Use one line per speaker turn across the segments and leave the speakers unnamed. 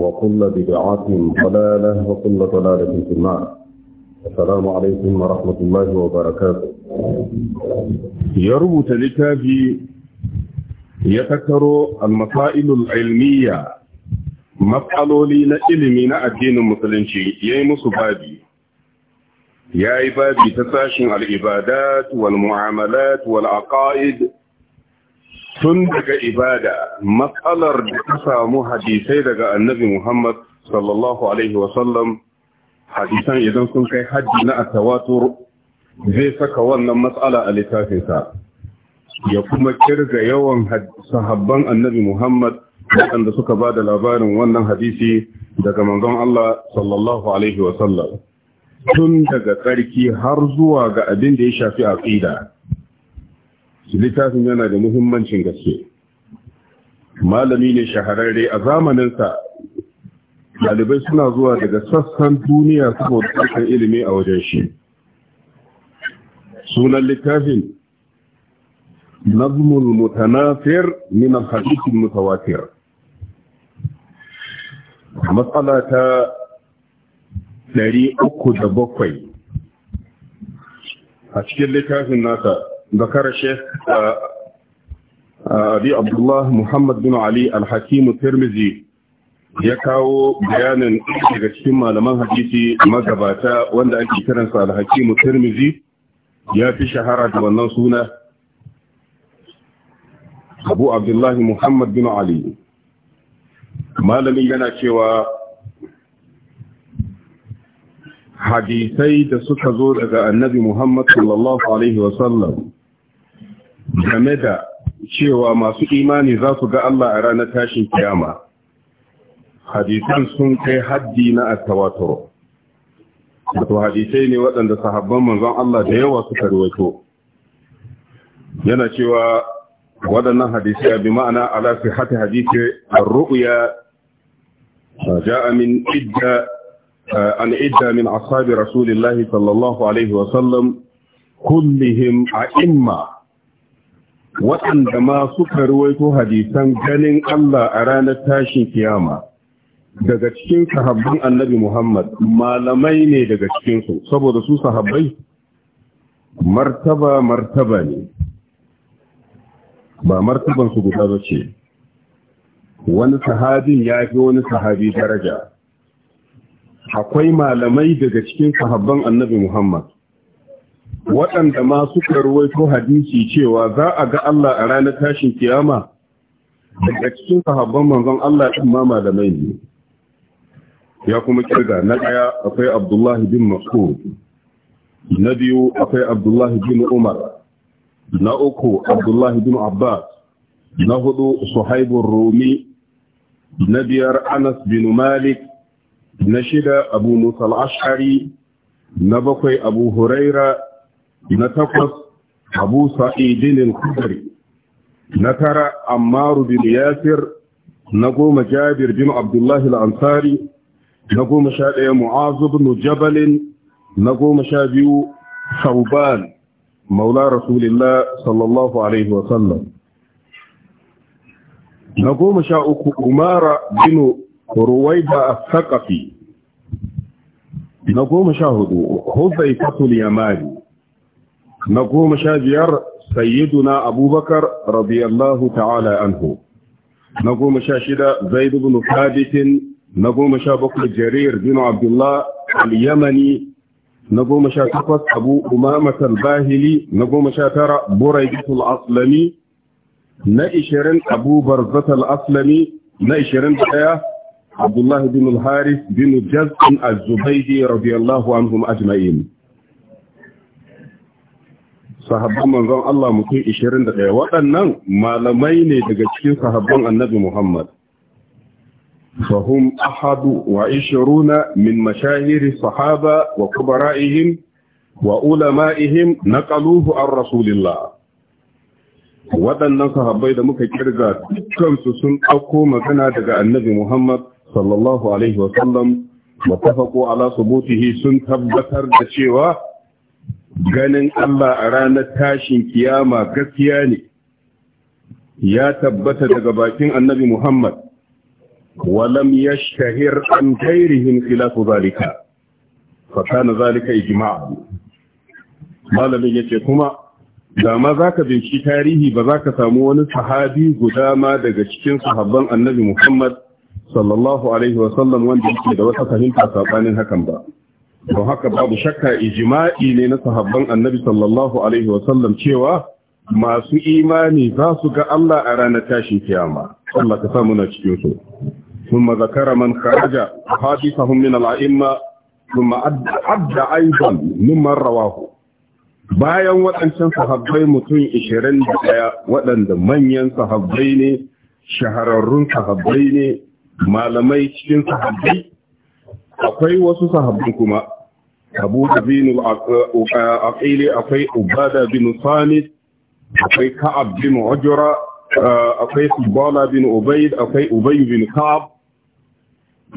وكل بدعة ضلالة وكل ضلالة في النار السلام عليكم ورحمة الله وبركاته يربط لتافي يتكر المسائل العلمية مفعلولي لإلمي الدين المسلمشي يمس بابي يا عبادي تساشن العبادات والمعاملات والعقائد tun daga ibada matsalar da ta samu hadisai daga annabi Muhammad sallallahu alaihi wasallam hadisan idan sun kai haddi na atawatur zai saka wannan matsala a littafinsa ya kuma kirga yawan sahabban annabi Muhammad waɗanda suka ba da labarin wannan hadisi daga manzon Allah sallallahu alaihi wasallam tun daga tsarki har zuwa ga abin da ya shafi aƙida littafin yana da muhimmancin gaske malami ne shahararre a zamaninsa ɗalibai suna zuwa daga sassan duniya saboda ɗaukar ilimi a wajen shi sunan littafin nazmul mutanafir min al mutawatir matsala ta 307 a cikin littafin nasa ذكر الشيخ أبي عبد الله محمد بن علي الحكيم الترمذي ya kawo bayanin daga cikin malaman hadisi magabata wanda ake kiransa al-hakimu tirmizi ya fi shahara da wannan suna abu abdullahi muhammad bin ali malamin yana cewa hadisai da suka zo daga annabi muhammad sallallahu alaihi game da cewa masu imani za su ga Allah a ranar tashin kiyama hadisan sun kai haddi na at wato hadisai ne waɗanda sahabban manzon Allah da yawa suka rawaito yana cewa waɗannan hadisai bi ma'ana ala sihhati hadisi ar-ru'ya ja'a min idda eh, an idda min ashabi rasulillahi sallallahu alaihi wa sallam kullihim a'imma waɗanda ma suka ruwaito hadisan ganin Allah a ranar tashin kiyama daga cikin sahabban annabi Muhammad malamai ne daga cikinsu saboda su sahabbai martaba martaba ne ba martaban su guda ba ce wani sahabin ya fi wani sahabi daraja akwai malamai daga cikin sahabban annabi Muhammad waɗanda ma suka ruwaito hadisi cewa za a ga Allah a ranar tashin kiyama daga cikin sahabban manzon Allah ɗin ma malamai ne ya kuma kirga na ɗaya akwai Abdullahi bin Mas'ud na biyu akwai Abdullahi bin Umar na uku Abdullahi bin Abbas na hudu Suhaibun Rumi na biyar Anas bin Malik na shida Abu Musa al-Ash'ari na bakwai Abu Huraira na takwas abu sa'idin al-khudri na tara ammar bin yasir na goma jabir bin abdullah al-ansari na goma sha ɗaya mu'azu bin jabal na goma sha biyu sauban maula rasulillah sallallahu alaihi sallam na goma sha uku umara bin ruwayda a saƙafi na goma sha hudu huzai al yamani na goma sha biyar sayyiduna abubakar radiyallahu ta'ala anhu na goma sha shida zaid ibn thabit na goma sha bakwai jarir bin abdullah al-yamani na goma sha takwas abu umama al na goma sha tara buraydat al-aslami na ishirin abu barzat aslami na ishirin da ɗaya abdullahi bin al-haris bin jaz'in az-zubaydi radiyallahu anhum ajma'in sahabban manzon Allah mutum 21 waɗannan malamai ne daga cikin sahabban annabi Muhammad fahum ahadu wa ishiruna min mashahiri sahaba wa kubara'ihim wa ulama'ihim naqaluhu an rasulillah waɗannan sahabbai da muka kirga dukkansu sun ɗauko magana daga annabi Muhammad sallallahu alaihi wa sallam wa tafaqu ala subutihi sun tabbatar da cewa ganin Allah a ranar tashin kiyama gaskiya ne ya tabbata daga bakin annabi Muhammad walam yashtahir an ghairihim khilafu zalika fatana zalika ijma'a malamin yace kuma dama za zaka binci tarihi ba zaka samu wani sahabi guda ma daga cikin sahabban annabi Muhammad sallallahu alaihi wasallam wanda yake da wata fahimta saɓanin hakan ba don haka babu shakka ijima'i ne na sahabban annabi sallallahu alaihi wasallam cewa masu imani za su ga Allah a ranar tashin kiyama Allah ka samu na cikin su ثم ذكر من خرج حادثهم من الأئمة ثم أدى أيضا ممن bayan waɗancan sahabbai mutum 21 waɗanda manyan sahabbai ne shahararrun sahabbai ne malamai cikin sahabbai akwai wasu sahabbai kuma abu da binu aqili akwai ubada bin samit akwai ka'ab bin ujra akwai subala bin ubayd akwai ubay bin ka'ab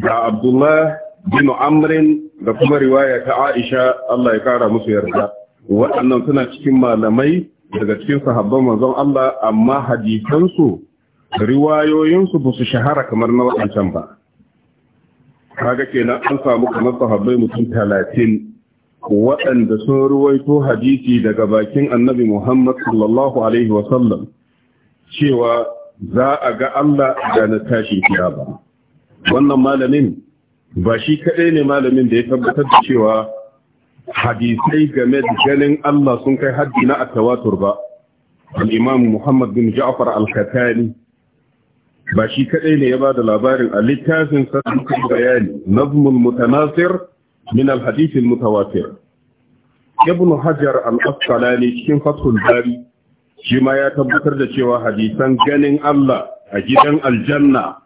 da abdullah bin amrin, da kuma riwaya ta aisha Allah ya kara musu yarda waɗannan suna cikin malamai daga cikin sahabban manzon Allah amma hadisansu riwayoyinsu ba su shahara kamar na waɗancan ba kaga kenan an samu kamar sahabbai mutum talatin waɗanda sun ruwaito hadisi daga bakin annabi Muhammad sallallahu Alaihi wasallam cewa za a ga Allah da na tashin ba. Wannan malamin ba shi kaɗai ne malamin da ya tabbatar da cewa hadisai game da ganin Allah sun kai haddi na tawatur ba. Al-Imam Muhammad bin Ja'far al-Katani ba shi kadai ne ya ba da labarin a littafin sassan bayani nazmul mutanasir min al-hadith al ibn hajar al-asqalani cikin fathul bari shi ma ya tabbatar da cewa hadisan ganin Allah a gidan aljanna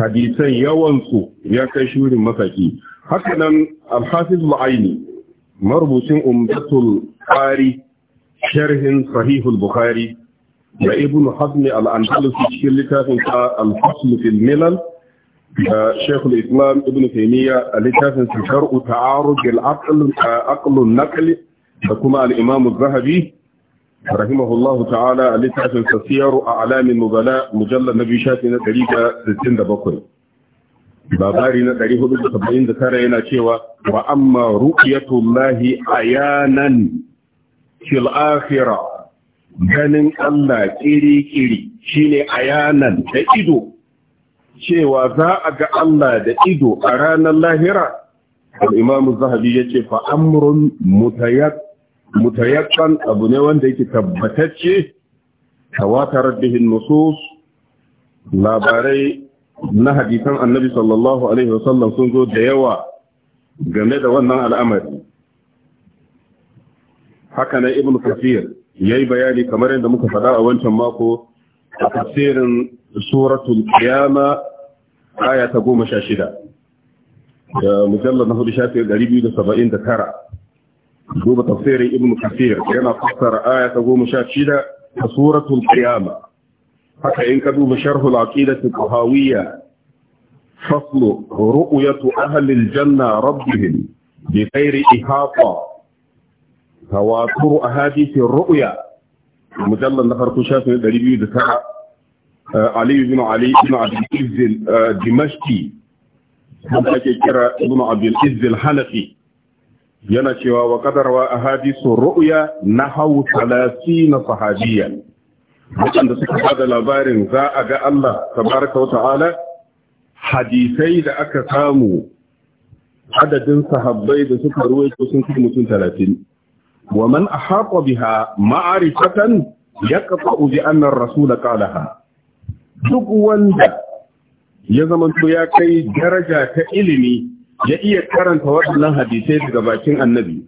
hadisan yawansu ya kai shurin masaki haka nan al-hafiz al-aini marubucin umdatul qari sharhin sahihul bukhari da ibn hazmi al-andalusi cikin littafin sa al-fasl fil milal da shaykh al-islam ibn taymiya a littafin sa shar'u ta'arud al-aql aql an-naql da kuma al-imam az-zahabi rahimahullah ta'ala a littafin sa siyaru a'lam an-nubala mujallad nabi shafi na 167 Babari na 479 yana cewa wa amma ru'yatullahi ayanan fil akhirah ganin Allah kiri-kiri a ayanan da ido cewa za a ga Allah da ido a ranar lahira al zahabi ya ce, fa’amurin mutayakkan abu ne wanda yake tabbatacce tawatar bihin nusus labarai na hadisan annabi sallallahu alaihi wasallam sun zo da yawa game da wannan al'amari haka na ibn kafir yayi bayani kamar yadda muka faɗa a wancan mako a tafsirin suratul qiyama aya ta goma sha shida da mujallar na hudu shafi ɗari biyu da saba'in da tara duba tafsirin ibn kafir yana fassara aya ta goma sha shida ta suratul qiyama haka in ka duba sharhul aqidati tahawiyya faslu ru'yatu ahli aljanna rabbihim bi ghairi ihata تواتر أحاديث الرؤيا مجلد نفر كشاف من دليل دفاع آه، علي بن علي بن عبد العز الدمشقي من أجل بن عبد العز الحنفي ينشي وقد روى أحاديث الرؤيا نحو ثلاثين صحابيا وكان هذا الأبار ذا أجا الله تبارك وتعالى حديثي إذا أكثامو عدد صحابي إذا سكروا يتوسن في 30 wa man ahata biha ma'arifatan yaqta'u bi anna duk wanda ya zamanto ya kai daraja ta ilimi ya iya karanta waɗannan hadisai daga bakin annabi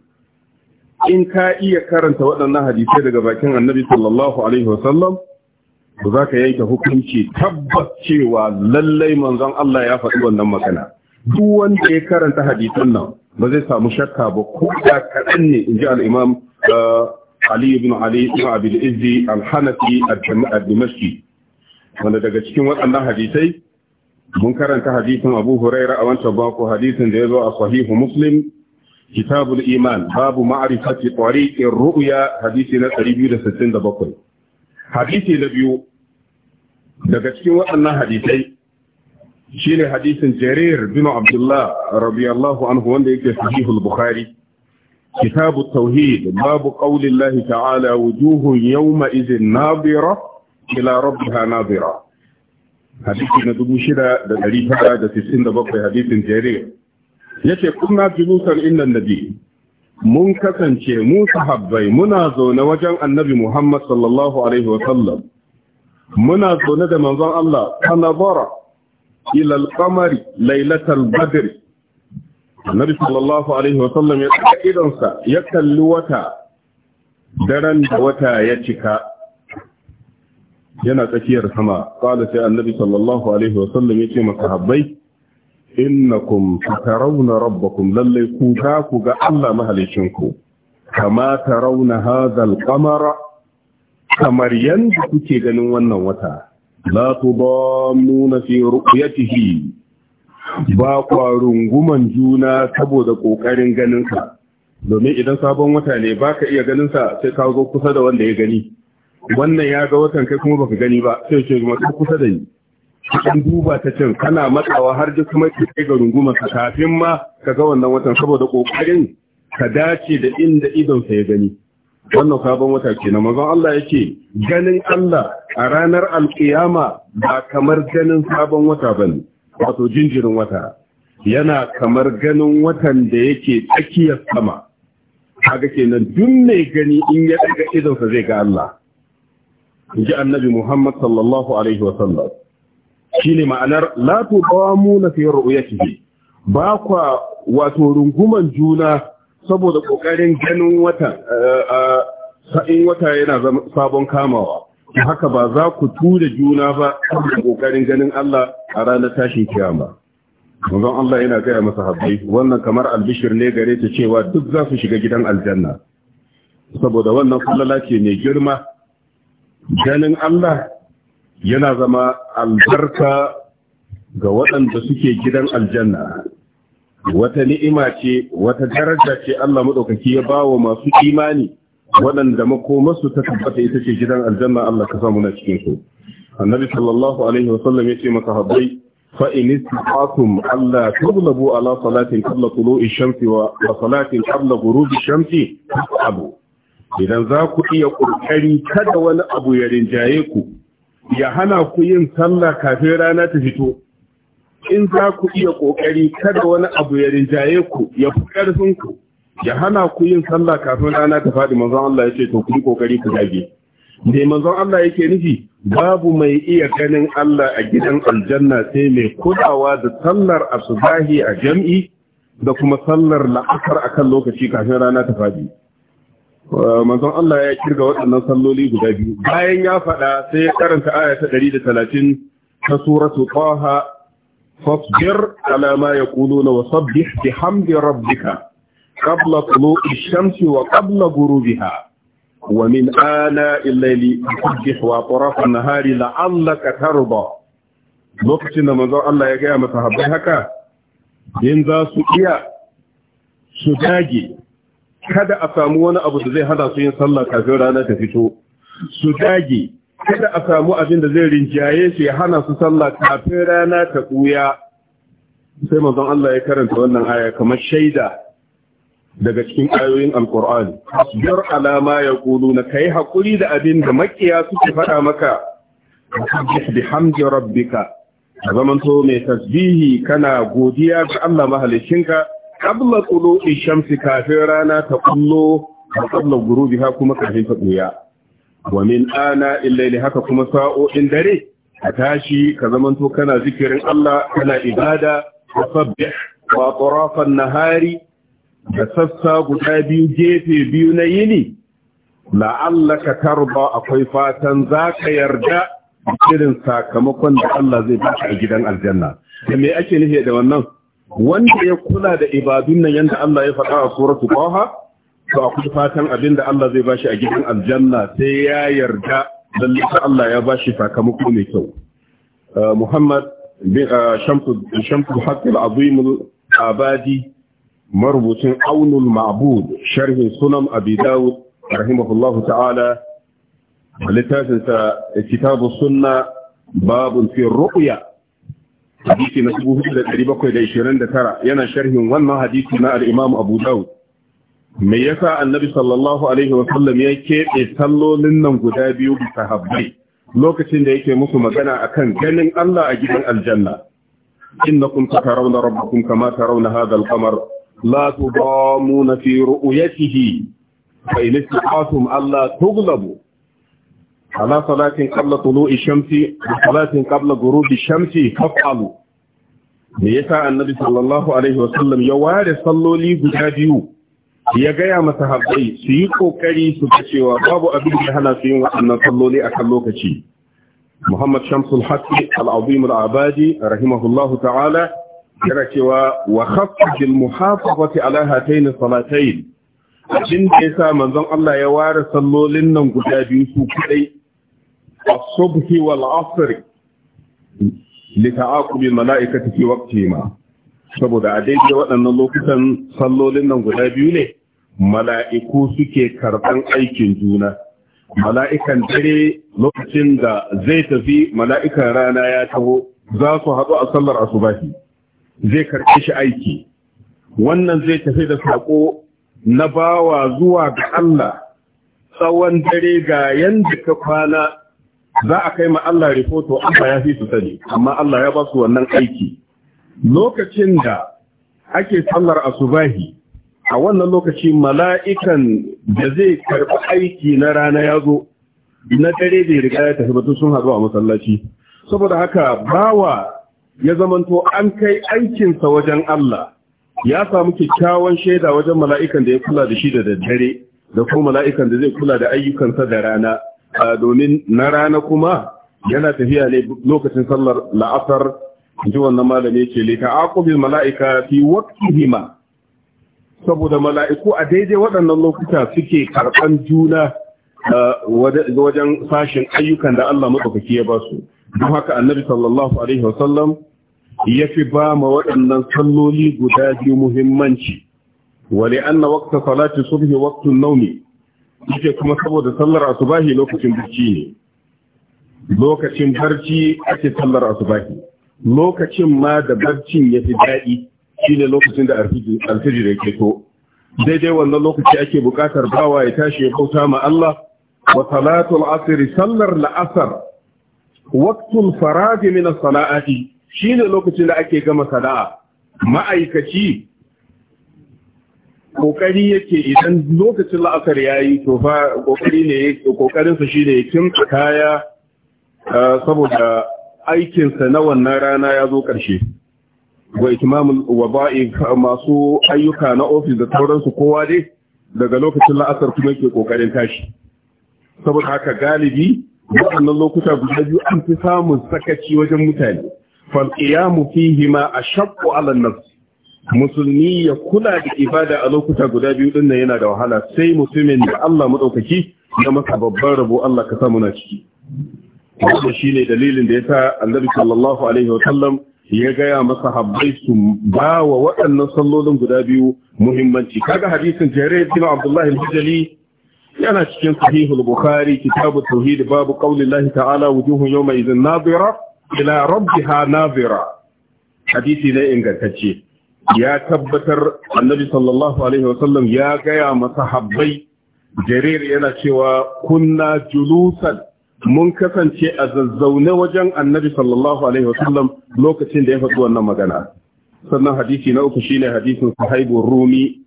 in ka iya karanta waɗannan hadisai daga bakin annabi sallallahu alaihi wasallam ba za ka yanke hukunci tabbas cewa lallai manzon Allah ya faɗi wannan magana duk wanda ya karanta hadisan nan ba zai samu shakka ba ko da kaɗan ne in ji al'imam uh, Ali ibn Ali ibn Abil Izzi al-Hanafi al-Dimashqi wanda daga cikin waɗannan hadisai mun karanta hadisin Abu Huraira a wancan bako hadisin da ya zo a sahihu Muslim kitabul iman babu ma'rifati tariqir ru'ya hadisi na 267 hadisi na biyu daga cikin waɗannan hadisai shine hadisin jarir bin abdullah radiyallahu anhu wanda yake sahihul bukhari kitabu tauhid babu قول ta'ala تعالى وجوه يومئذ ناظرة إلى ربها ناظرة حديث ندب شدة دليل هذا تسعين دبقى حديث جرير يتي mun kasance mu sahabbai muna zaune wajen annabi Muhammad sallallahu alaihi wa sallam muna zaune da manzon Allah kana bara ila al-qamari lailatal badr annabi sallallahu alaihi wa sallam ya tsaka idonsa ya kalli wata daren da wata ya cika yana tsakiyar sama qala sai annabi sallallahu alaihi wa sallam ya ce masahabbai innakum tarawna rabbakum lallai ku ta ku ga Allah mahalicinku kama tarawna hadha al-qamara kamar yanda kuke ganin wannan wata la tudammuna fi ru'yatihi ba kwa runguman juna saboda kokarin ganin domin idan sabon wata ne baka iya ganin sa sai ka zo kusa da wanda ya gani wannan ya ga watan kai kuma baka gani ba sai ce kuma kusa da ni an duba ta cin kana matsawa har duk kuma ki kai ga runguma kafin ma ka ga wannan watan saboda kokarin ka dace da inda idon sa ya gani wannan sabon wata ke kenan mazan Allah ya yake ganin Allah a ranar alkiyama ba kamar ganin sabon wata ba ne, wato jinjirin wata yana kamar ganin watan da yake tsakiyar sama ke kenan duk mai gani in ya daga idonsa zai ga Allah ji annabi Muhammad sallallahu alaihi wasallam shine ma'anar la tuqamu ya ru'yatihi ba kwa wato runguman juna saboda ƙoƙarin ganin watan eh, in wata yana sabon kamawa haka ba za ku tura juna ba da ƙoƙarin ganin Allah a ranar tashin kiyama manzon Allah yana gaya masa habbai wannan kamar albishir ne gare ta cewa duk za su shiga gidan aljanna saboda wannan kullala ce mai girma ganin Allah yana zama albarka ga waɗanda suke gidan aljanna wata ni'ima ce wata daraja ce Allah maɗaukaki ya ba wa masu imani waɗanda makomarsu ta tabbata ita ce gidan aljanna Allah ka samu na cikin su annabi sallallahu alaihi wa sallam" ya ce maka habbai fa in istaqatum alla tughlabu ala salatin qabla tulu'i shamsi wa salatin qabla ghurubi shamsi abu idan za ku iya ƙoƙari kada wani abu ya rinjaye ku ya hana ku yin sallah kafin rana ta fito in za ku iya ƙoƙari kada wani abu ya rinjaye ku ya fi ƙarfin ku ya hana ku yin sallah kafin rana ta faɗi manzon Allah ya ce to ku yi kokari ku dage me manzon Allah yake nufi babu mai iya ganin Allah a gidan aljanna sai mai kulawa da sallar asubahi a jam'i da kuma sallar la'asar akan lokaci kafin rana ta faɗi uh, manzon Allah ya kirga waɗannan salloli guda biyu bayan ya faɗa sai ya karanta aya ta 130 ta suratu Taha fasbir ala ma yaquluna wa sabbih bihamdi rabbika قبل طلوع الشمس وقبل غروبها ومن آناء الليل فسبح وأطراف النهار لعلك ترضى lokacin da manzon Allah ya gaya masa Haba haka yin za su iya su dage kada a samu wani abu da zai hada su yin sallah kafin rana ta fito su dage kada a samu abin da zai rinjaye su ya hana su sallah kafin rana ta buya sai manzon Allah ya karanta wannan aya kamar shaida daga cikin ayoyin alkur'ani alama ya ma na kai haƙuri da abin da makiya suke faɗa maka tasbih bihamdi rabbika zaman to mai tasbihi kana godiya ga Allah mahalishinka, qabla tulu'i shamsi kafin rana ta kullo qabla ghurubiha kuma kafin ta buya wa min ana illaili haka kuma sa'o'in dare a tashi ka zaman to kana zikirin Allah kana ibada wa sabbih wa atrafan nahari da sassa guda biyu gefe biyu na yini la'allaka tarba akwai fatan za ka yarda irin sakamakon da Allah zai baka a gidan aljanna da me ake nufi da wannan wanda ya kula da ibadun nan yanda Allah ya faɗa a suratul Taha to akwai fatan abinda Allah zai bashi a gidan aljanna sai ya yarda lalle Allah ya bashi sakamako mai kyau uh, Muhammad bin uh, Shamsu Shamsu Abadi marubucin aunul ma'bud sharhin sunan abi dawud rahimahullahu ta'ala littafin sa kitabu sunna babun fi ru'ya hadisi na 4729 yana sharhin wannan hadisi na al abu dawud me yasa annabi sallallahu alaihi wasallam ya keɓe sallolin nan guda biyu ga sahabbai lokacin da yake musu magana akan ganin Allah a gidan aljanna kun innakum tatarawna rabbakum kama tarawna hadha al-qamar لا تضامون في رؤيته فإن استطعتم ألا تغلبوا ƙabla صلاة قبل طلوع الشمس وصلاة قبل غروب الشمس فافعلوا me yasa annabi sallallahu alaihi wasallam ya ware salloli guda biyu ya gaya masa habbai su yi kokari su ga cewa babu abin da hana su yin waɗannan salloli akan lokaci Muhammad Shamsul Haqqi al abadi rahimahullahu ta'ala yana cewa wa khaffajil muhafazati ala hatayn salatayn abin da yasa manzon Allah ya ware sallolin nan guda biyu su kadai as-subhi wal asr li ta'aqub al mala'ikati fi waqtihima saboda a daidai waɗannan lokutan sallolin nan guda biyu ne mala'iku suke karɓan aikin juna mala'ikan dare lokacin da zai tafi mala'ikan rana ya taho za su haɗu a sallar asubahi zai karɓi shi aiki wannan zai tafi da saƙo na bawa zuwa ga Allah tsawon dare ga yanda ka kwana za a kai ma Allah rifoto Allah ya fi su sani amma Allah ya ba su wannan aiki lokacin da ake sallar asubahi a wannan lokaci mala'ikan da zai karɓi aiki na rana ya zo na dare bai riga ya tafi batun sun haɗu a masallaci saboda haka bawa ya zamanto an kai aikinsa wajen Allah ya samu kyakkyawan shaida wajen mala'ikan da ya kula da shi da daddare da kuma mala'ikan da zai kula da ayyukansa da rana domin na rana kuma yana tafiya ne lokacin sallar la'asar ji wannan malami ce le ta mala'ika fi waqtihima saboda mala'iku a daidai waɗannan lokuta suke karɓan juna wajen sashin ayyukan da Allah matsakaki ya ba su don haka annabi sallallahu alaihi wasallam ya fi ba ma waɗannan salloli guda biyu muhimmanci wale an na wakta salati subhi waktun naumi yake kuma saboda sallar asubahi lokacin barci ne lokacin barci ake sallar asubahi lokacin ma da barcin ya fi daɗi shine lokacin da alfijir ya keto daidai wannan lokaci ake buƙatar bawa ya tashi ya bauta ma Allah wa salatul asr sallar la'asar waktun faraji min as shine lokacin da ake gama sana'a ma'aikaci kokari yake idan lokacin la'asar yayi to fa kokari ne kokarin sa shine ya kaya eh, saboda aikinsa na wannan rana ya zo ƙarshe wa itimamul waba'i masu ayyuka na ofis da sauransu kowa dai daga lokacin la'asar kuma yake ƙoƙarin tashi saboda haka galibi waɗannan lokuta guda biyu an fi samun sakaci wajen mutane fal qiyamu fihi ma ashaqqu ala nafs musulmi ya kula da ibada a lokuta guda biyu din nan yana da wahala sai mutumin da Allah madaukaki ya masa babban rabo Allah ka samu na ciki wanda shine dalilin da yasa Annabi sallallahu alaihi wa sallam ya gaya masa habbai su ba wa waɗannan sallolin guda biyu muhimmanci kaga hadisin Jarir bin Abdullah al-Bajali yana cikin sahihul bukhari kitabu tauhid babu llahi ta'ala wujuhun yawma idhin nadira ila rabbiha nadira hadisi ne ingantacce ya tabbatar annabi sallallahu alaihi wasallam ya gaya masahabbai jarir yana cewa kunna julusan mun kasance a zazzaune wajen annabi sallallahu alaihi wasallam lokacin da ya faɗi wannan magana sannan hadisi na uku shine hadisin sahaibur rumi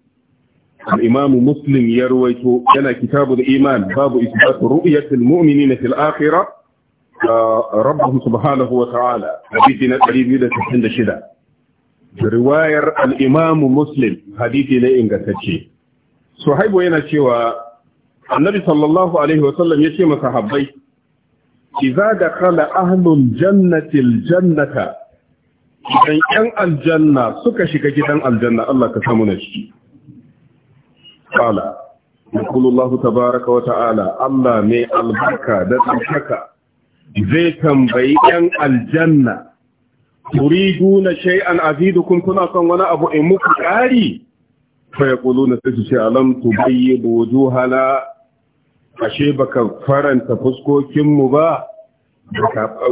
الإمام مسلم يروي كان كتاب الإيمان باب إثبات رؤية المؤمنين في الآخرة ربهم سبحانه وتعالى حديثنا القريب إذا تحند شدة رواية الإمام مسلم حديثنا إن قتتشي صحيب وينا شوى النبي صلى الله عليه وسلم يشيم صحابي إذا دخل أهل الجنة الجنة إذا أن الجنة سكشك جدا الجنة الله كسامنا شيء قال يقول الله تبارك وتعالى الله مي البركة دتشكا زي تنبي ان الجنة تريدون شيئا أزيدكم كنا صن وانا أبو إمك قاري فيقولون تجي ألم تبيض وجوهنا ashe baka faranta fuskokinmu ba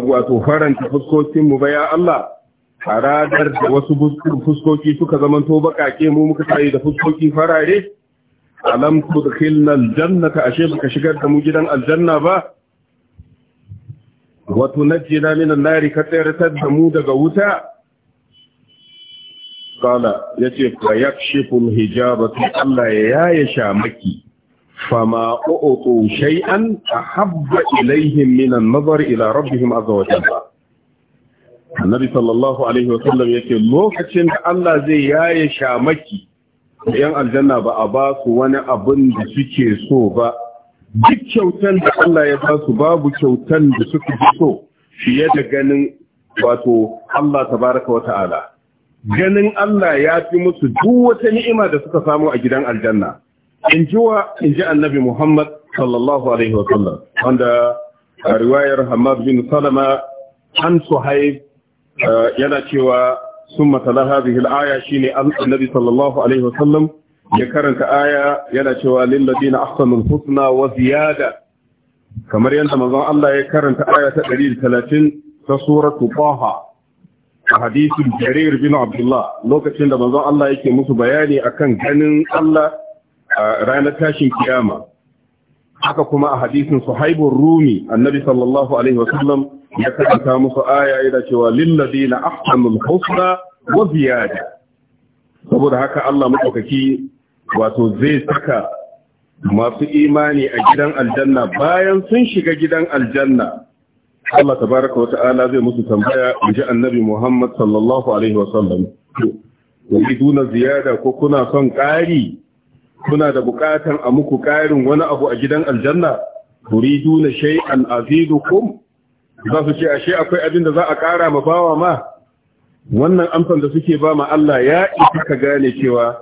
wato faranta fuskokinmu ba ya Allah haradar da wasu fuskoki suka zamanto baƙaƙe mu muka tsaye da fuskoki farare alam tudkhilna aljannata ashe baka shigar da mu gidan aljanna ba wa tunajjina minan nari ka tsayartar da mu daga wuta qala yace fa yakshifu alhijaba Allah ya yaye shamaki fama u'tu shay'an ahabba ilayhim min an-nazar ila rabbihim azza wa jalla annabi sallallahu alaihi wa sallam yace lokacin da Allah zai yaye shamaki yan aljanna ba a ba su wani abin da suke so ba duk kyautan da Allah ya ba su babu kyautan da suke so fiye da ganin wato Allah tabaraka wa ta'ala ganin Allah ya fi musu duk wata ni'ima da suka samu a gidan aljanna in ji wa in ji annabi Muhammad sallallahu alaihi wa sallam wanda riwayar Hamad bin Salama an Suhaib uh, yana cewa ثم تلا هذه الآية شيني النبي صلى الله عليه وسلم husna waziyada kamar yadda للذين أحسنوا الحسنى وزيادة كما ينتم الله يكرنت آية ta suratu سورة a hadisin jarir bin abdullah lokacin da manzon Allah yake musu bayani akan ganin Allah a ranar tashin kiyama haka kuma a hadisin suhaibun rumi annabi sallallahu alaihi wasallam ya karanta musu aya yana cewa lil na ahsanul husna wa ziyada saboda haka Allah madaukaki wato zai saka masu imani a gidan aljanna bayan sun shiga gidan aljanna Allah tabaraka wa ta'ala zai musu tambaya inji annabi Muhammad sallallahu alaihi wa sallam duna ziyada ko kuna son ƙari kuna da buƙatan a muku ƙarin wani abu a gidan aljanna duna shay'an azidukum za su ce ashe akwai abin da za a ƙara ma bawa ma wannan amsan da suke ba Allah ya isa ka gane cewa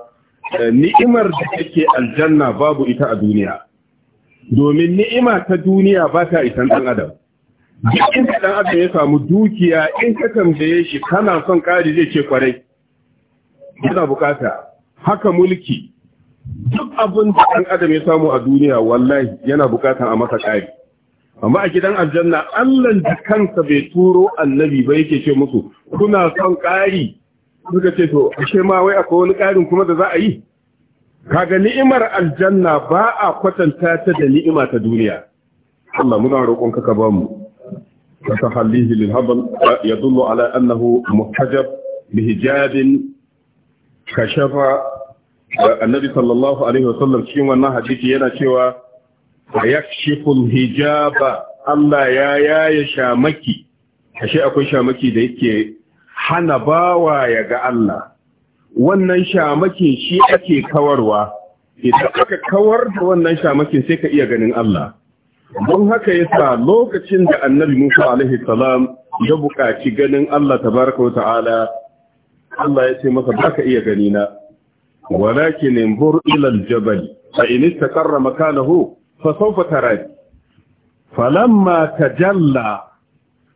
eh, ni'imar da take aljanna babu ita a duniya domin ni'ima ta duniya ba ta isan dan adam duk inda ɗan adam ya samu dukiya in ka tambaye shi kana son kari zai ce kwarai yana bukata haka mulki duk abin da dan adam ya samu a duniya wallahi yana bukatan a masa kari amma a gidan aljanna Allah da kansa bai turo annabi ba yake ce musu kuna son ƙari suka ce to ashe ma wai akwai wani ƙarin kuma da za a yi kaga ni'imar aljanna ba a kwatanta ta da ni'ima ta duniya Allah muna roƙon ka ka ba mu فتحليه للهضم يدل على أنه محجب بهجاب كشف النبي صلى الله عليه وسلم cikin wannan حديث yana cewa. wa yakshiful hijaba Allah ya yaye shamaki ashe akwai shamaki da yake hana bawa ya ga Allah wannan shamakin shi ake kawarwa idan aka kawar da wannan shamakin sai ka iya ganin Allah don haka yasa lokacin da annabi Musa alaihi salam ya buƙaci ganin Allah tabaraka wata'ala Allah ya ce masa baka iya gani na walakin inzur ila aljabal fa in istaqarra makanahu فسوف sawfa فلما falamma tajalla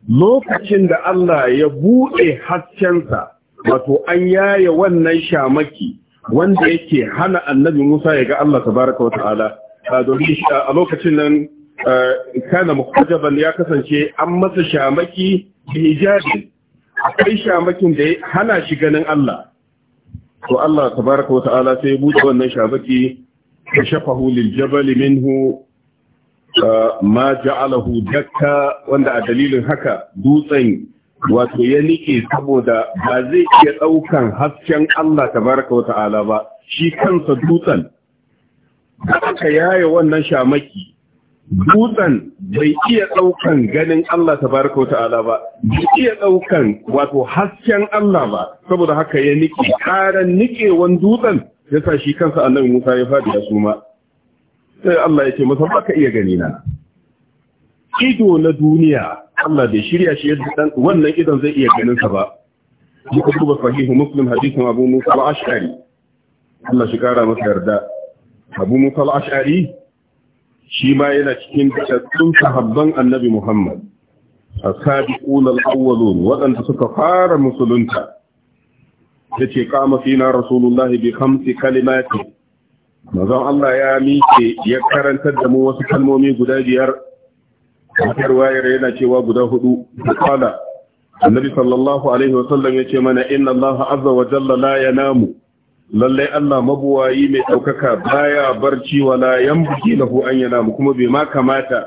lokacin da Allah ya buɗe haskensa wato an yaya wannan shamaki wanda yake hana annabi Musa ya ga Allah tabaraka wa ta'ala domin a lokacin nan kana mukajaban ya kasance an masa shamaki da hijabi akwai shamakin da hana shi ganin Allah to Allah tabaraka wa ta'ala sai ya buɗe wannan shamaki kashafahu lil jabal minhu ma ja'alahu dakka wanda a dalilin haka dutsen wato ya nike saboda ba zai iya ɗaukan hasken Allah tabaraka wa ta'ala ba shi kansa dutsen da aka yaye wannan shamaki dutsen bai iya ɗaukan ganin Allah tabaraka wa ta'ala ba bai iya ɗaukan wato hasken Allah ba saboda haka ya nike ƙaran nikewan dutsen yasa shi kansa annabi Musa ya fadi da suma sai Allah ya ce masa ba ka iya gani na ido na duniya Allah bai shirya shi yadda wannan idan zai iya ganin sa ba muka duba sahihu muslim hadisin Abu Musa al-Ash'ari Allah shi kara masa yarda Abu Musa al-Ash'ari shi ma yana cikin datsun sahabban Annabi Muhammad as-sabiqun al-awwalun wadanda suka fara musulunta yace kama fina rasulullahi bi khamsi kalimati manzon Allah ya miƙe ya karantar da mu wasu kalmomi guda biyar Bakar wayar yana cewa guda hudu qala annabi sallallahu alaihi wa sallam yace mana inna Allah azza wa jalla la yanamu lalle Allah mabuwayi mai daukaka baya barci wala yambuki lahu an yanamu kuma bai ma kamata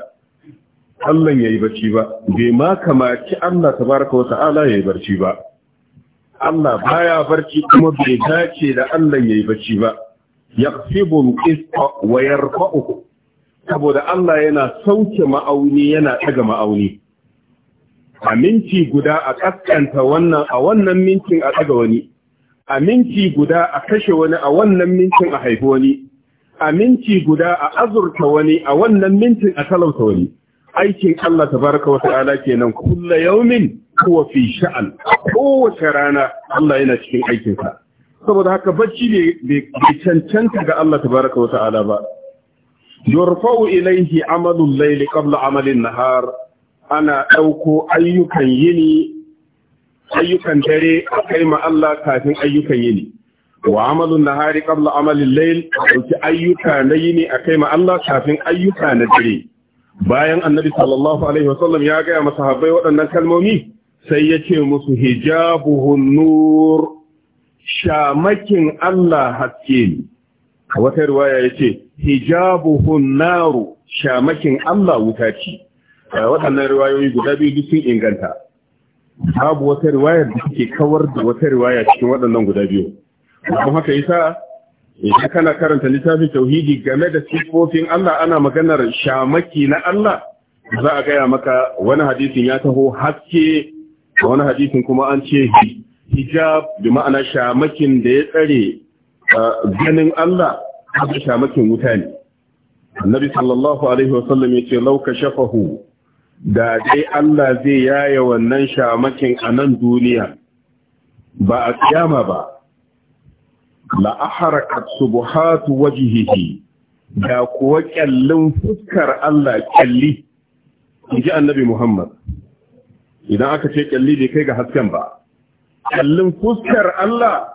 Allah yayi barci ba bai ma kamaci Allah tabaraka wa ta'ala yayi barci ba Allah baya barci kuma bai dace da Allah yayi barci ba yaqfibul isqa wa yarfa'uhu saboda Allah yana sauke ma'auni yana daga ma'auni a minti guda a kaskanta wannan a wannan mintin a daga wani a minti guda a kashe wani a wannan mintin a haifi wani a minti guda a azurta wani a wannan mintin a talauta wani aikin Allah tabaraka wa ta'ala kenan kullu yawmin huwa fi sha'an kowace rana Allah yana cikin aikin sa saboda haka bacci bai cancanta ga Allah tabaraka wa ta'ala ba yurfa'u ilayhi amalul layli qabla amalin nahar ana dauko ayyukan yini ayyukan dare a kai ma Allah kafin ayyukan yini wa amalun nahari qabla amalil layl ayyuka na yini a kai ma Allah kafin ayyuka na dare bayan annabi sallallahu alaihi wasallam ya gaya masahabbai waɗannan kalmomi sai ya ce musu hijabuhun nur shamakin Allah haske ne a wata riwaya ya ce hijabuhun naru shamakin Allah wuta ce waɗannan riwayoyi guda biyu duk sun inganta babu wata riwayar da suke kawar da wata riwaya cikin waɗannan guda biyu kuma haka yasa idan kana karanta littafin tauhidi game da sifofin Allah ana maganar shamaki na Allah za a gaya maka wani hadisin ya taho haske wani hadisin kuma an ce hijab da ma'ana shamakin da ya tsare ganin Allah haka shamakin wuta ne annabi sallallahu alaihi wasallam ya ce lauka shafahu da dai Allah zai yaya wannan shamakin a nan duniya ba a kiyama ba la aharakat subuhatu wajihihi, da kuwa kyallin fuskar Allah kyalli ji annabi Muhammad idan aka ce kyalli bai kai ga hasken ba kyallin fuskar Allah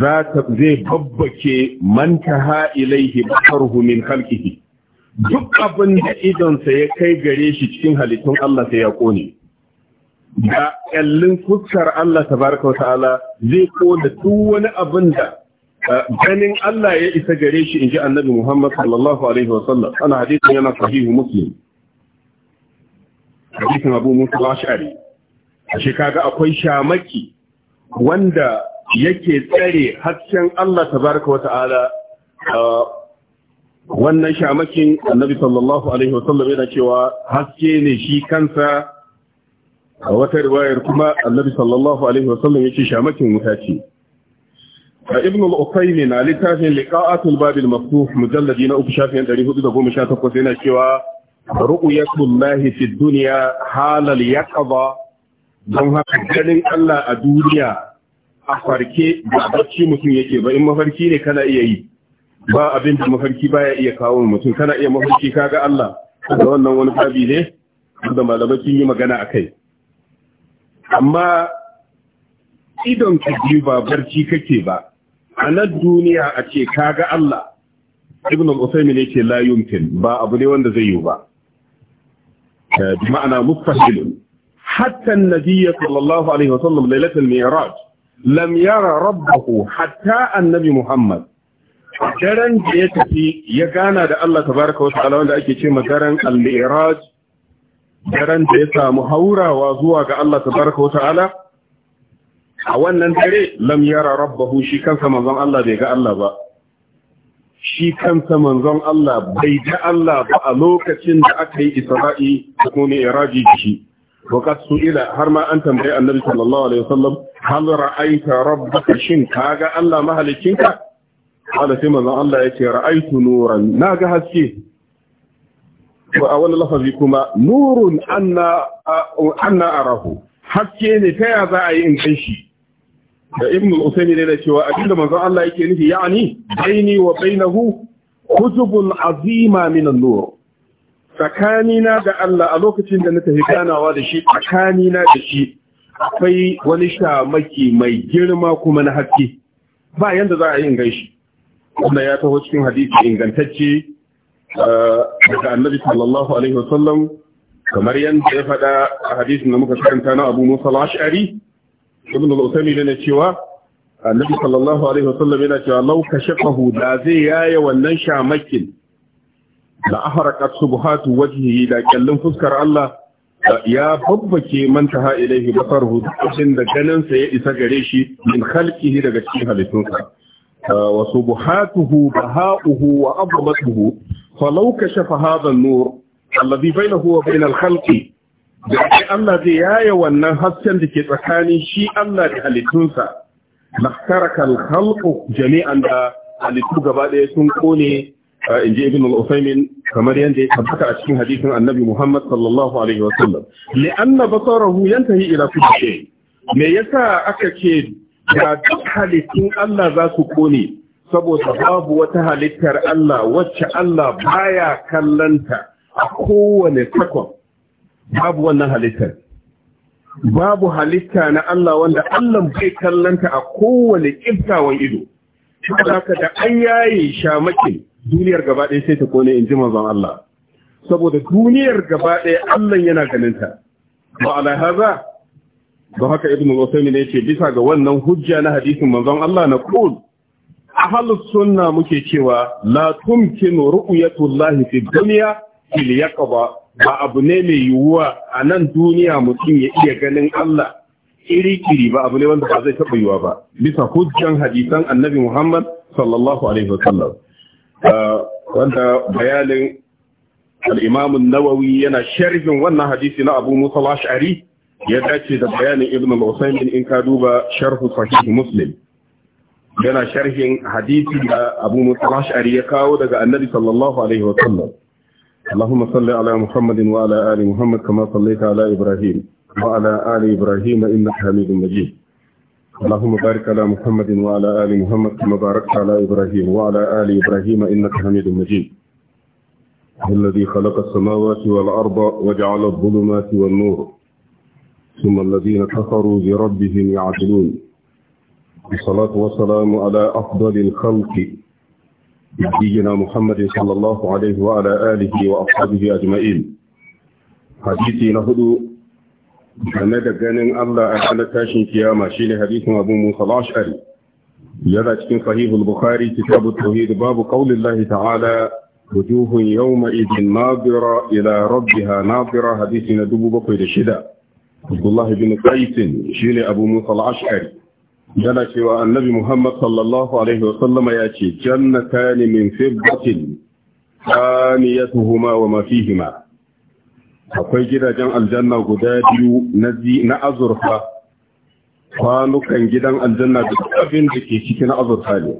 za ta zai babbake mantaha ilaihi basarhu min khalqihi duk abin da idonsa ya kai gare shi cikin halittun Allah sai ya kone da ƙyallin fuskar Allah baraka wa ta'ala zai kona duk wani abin da eh, ganin Allah ya isa gare shi in ji annabi Muhammad sallallahu alaihi wasallam ana hadisin yana sahihu muslim Hadithin Abu Musa al-Ash'ari a shekaga akwai shamaki wanda yake tsare hasken Allah baraka wa ta'ala eh, wannan shamakin annabi sallallahu alaihi wa sallam yana cewa haske ne shi kansa a wata riwayar kuma annabi sallallahu alaihi wasallam yake shamakin wuta ce a ibn al-usaymi na littafin liqa'atul babil maftuh mujalladi na uku shafin 418 yana cewa ru'yatullahi fid dunya halal yaqza don haka ganin Allah a duniya a farke ba bacci mutum yake ba in mafarki ne kana iya yi ba abin da mafarki baya iya kawo mutum kana iya mafarki kaga Allah da wannan wani babi ne da malamai sun yi magana akai amma idon ka biyu ba barci kake ba a nan duniya a ce kaga Allah ibn al-usaymin yake la yumkin ba abu ne wanda zai yi ba eh, ma'ana mustahil hatta an-nabiy sallallahu alaihi wasallam lailatul mi'raj lam yara rabbahu hatta annabi muhammad daren da ya tafi ya gana da Allah tabaraka wa ta'ala wanda ake ce daren al-mi'raj daren da ya samu haurawa zuwa ga Allah ta barka ala, a wannan dare lam yara rabbahu shi kansa manzon Allah bai ga Allah ba shi kansa manzon Allah bai ga Allah ba a lokacin da aka yi isra'i da kuma iraji shi ba su'ila har ma an tambayi annabi sallallahu alaihi wasallam hal ra'aita rabbaka shin ka ga Allah mahalikinka qala sai manzon Allah yace ra'aitu nuran na ga haske a wani lafazi kuma nurun anna arahu haske ne ta ya za a yi in kai shi da ibn al ne da cewa abinda manzon Allah yake nufi ya'ani baini wa bainahu kutubun azima min an tsakanina da Allah a lokacin da na tafi ganawa da shi tsakanina da shi akwai wani shamaki mai girma kuma na haske ba yanda za a yi in gaishe ya taho cikin hadisi ingantacce daga annabi sallallahu alaihi wasallam kamar yadda ya faɗa a hadisin da muka karanta na abu musa al-ash'ari ibn al-usaymi yana cewa annabi sallallahu alaihi wasallam yana cewa law kashaqahu da zai yaya wannan shamakin la ahraqat subhatu wajhihi da kallon fuskar Allah ya babbake man taha ilaihi basaruhu cikin da ganin sa ya isa gare shi min khalqihi daga cikin halittunsa wa subhatuhu baha'uhu wa abmatuhu falau kashafa hadha an-nur alladhi bainahu wa bainal khalqi da sai Allah zai yaya wannan hasken da ke tsakanin shi Allah da halittunsa lahtaraka al-khalqu jami'an da halittu gaba ɗaya sun kone in ji ibn al kamar yadda ya tabbata a cikin hadisin annabi Muhammad sallallahu alaihi wa sallam li'anna basarahu yantahi ila kulli shay me yasa aka ce ya duk halittun Allah za su kone saboda babu wata halittar Allah wacce Allah baya kallanta a kowane sakon babu wannan halittar babu halitta na Allah wanda Allah bai kallanta a kowane kiftawan ido haka da an yaye shamakin duniyar gaba ɗaya sai ta kone in ji manzon Allah saboda duniyar gaba ɗaya Allah yana ganinta ba ala haza don haka ibnu usaymin yace bisa ga wannan hujja na hadisin manzon Allah na qul ahlus sunna muke cewa la tumkinu ru'yatullahi fi dunya fil yaqba ba abu ne mai yiwuwa a nan duniya mutum ya iya ganin Allah iri-iri ba abu ne wanda ba zai taɓa yiwa ba bisa hujjan hadisan annabi Muhammad sallallahu alaihi wasallam ah, wanda bayanin al-Imam nawawi yana sharhin wannan hadisi na Abu Musa al-Ash'ari ya dace da bayanin Ibn al-Usaymin in ka duba sharh sahih Muslim yana sharhin hadisi da Abu Musa al-Ash'ari ya kawo daga Annabi sallallahu اللهم صل على محمد وعلى آل محمد كما صليت على إبراهيم وعلى آل إبراهيم إنك حميد مجيد اللهم بارك على محمد وعلى آل محمد كما باركت على إبراهيم وعلى آل إبراهيم إنك حميد مجيد الذي خلق السماوات والأرض وجعل الظلمات والنور ثم الذين كفروا بربهم يعدلون بالصلاة والسلام على أفضل الخلق نبينا محمد صلى الله عليه وعلى آله وأصحابه أجمعين حديثي نهدو أن دقان الله أعلى تاشن كياما شين حديث أبو موسى العشر يذا صحيح البخاري كتاب التوحيد باب قول الله تعالى وجوه يومئذ ناظرة إلى ربها ناظرة حديثنا دبو بقيد الشدة عبد الله بن قيس شين أبو موسى العشر yana cewa annabi Muhammad sallallahu alaihi wa sallama ya ce jannatani min fibbatin tsaniyatuhuma wa ma fihima akwai gidajen aljanna guda biyu na azurfa kwanukan gidan aljanna da abin da ke cikin azurfa ne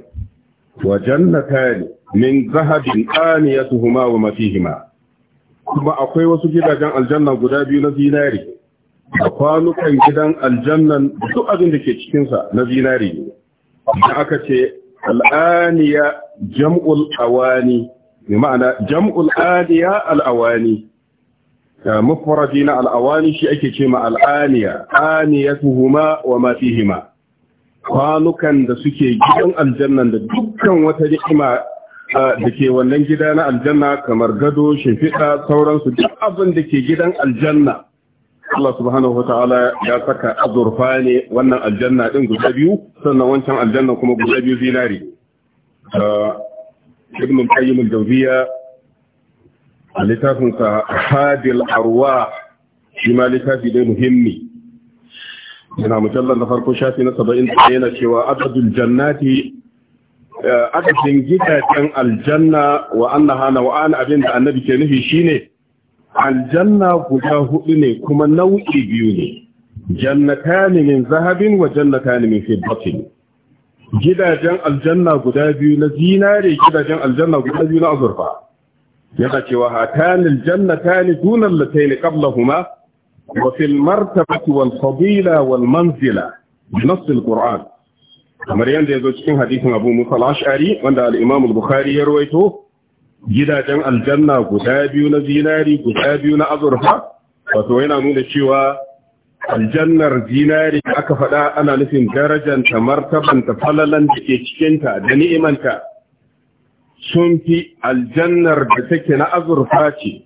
wa jannatani min zahabin tsaniyatuhuma wa ma kuma akwai wasu gidajen aljanna guda biyu na zinari da kwanukan gidan aljannan duk abin da ke cikinsa na zinari da aka ce al'aniya jam'ul awani mai ma'ana jam'ul aniya al'awani mafarafi na al'awani shi ake ce ma al'aniya aniya huma wa mafihima kwanukan da suke gidan aljannan da dukkan wata ni'ima da ke wannan gida na aljanna kamar gado shimfiɗa sauransu duk abin da ke gidan aljanna Allah subhanahu wa ta'ala ya saka azurfa ne wannan aljanna din guda biyu sannan wancan aljanna kuma guda biyu zinari ibn al-qayyim al-jawziya littafin sa hadil Arwa. shi ma littafi dai muhimmi yana mujallar da farko shafi na da yana cewa adadul jannati eh, adadin gidajen aljanna wa annaha naw'an abinda annabi ke nufi shine aljanna guda hudu ne kuma nau'i biyu ne jannatani min zahabin wa jannatani min fiddatin gidajen aljanna guda biyu na zinare gidajen aljanna guda biyu na azurfa yana cewa hatani aljannatani duna kabla qablahuma wa fil martabati wal fadila wal manzila bi nass alquran kamar yanda yazo cikin hadisin Abu Musa al-Ash'ari wanda al-Imam al-Bukhari ya rawaito gidajen aljanna guda biyu na zinari guda biyu na azurfa wato yana nuna cewa aljannar zinari aka faɗa ana nufin darajanta martabanta falalan da ke cikinta da ni'imanta sun fi aljannar da take na azurfa ce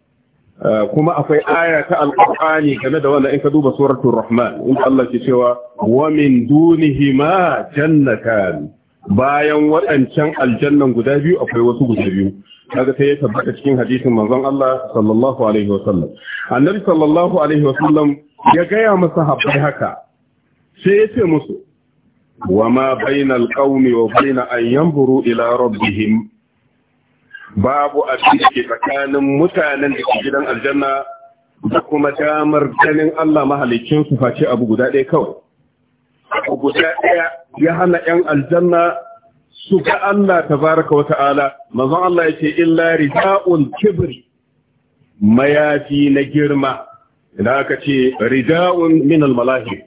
uh, kuma akwai aya ta alƙur'ani game da wannan in ka duba suratul rahman in Allah ke cewa wa min dunihima jannatan bayan waɗancan aljannan guda biyu akwai wasu guda biyu kaga sai ya tabbata cikin hadisin manzon Allah sallallahu alaihi wasallam annabi sallallahu alaihi wasallam ya gaya masa habbai haka sai ya ce musu wama bainal qaumi wa baina an yanzuru ila rabbihim babu abin da ke tsakanin mutanen da ke gidan aljanna da kuma damar ganin Allah mahalicin su face abu guda ɗaya kawai abu guda ɗaya ya hana 'yan aljanna su ga Allah tabaraka wa ta'ala manzon Allah yace illa rida'un kibri mayafi na girma idan aka ce rida'un min al-malahi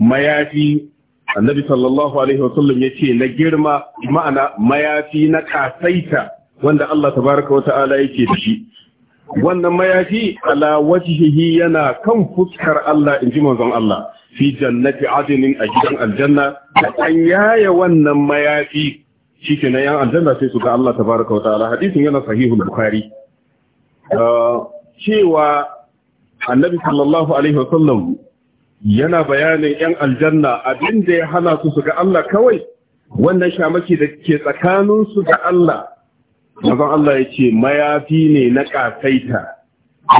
mayafi annabi sallallahu alaihi wa sallam yace na girma ma'ana mayafi na kasaita wanda Allah tabaraka wa ta'ala yake da shi wannan mayafi ala wajihi yana kan fuskar Allah ji manzon Allah fi jannati adinin a gidan aljanna da an yaya wannan mayafi shike na yan aljanna sai su ga Allah tabaraka wa ta'ala hadisin yana sahihul bukhari ah, cewa annabi sallallahu alaihi wasallam yana bayanin yan aljanna abinda ya hana su su ga Allah kawai wannan shamaki da ke tsakanin su ga Allah mazan Allah ya ce mayafi ne na ƙasaita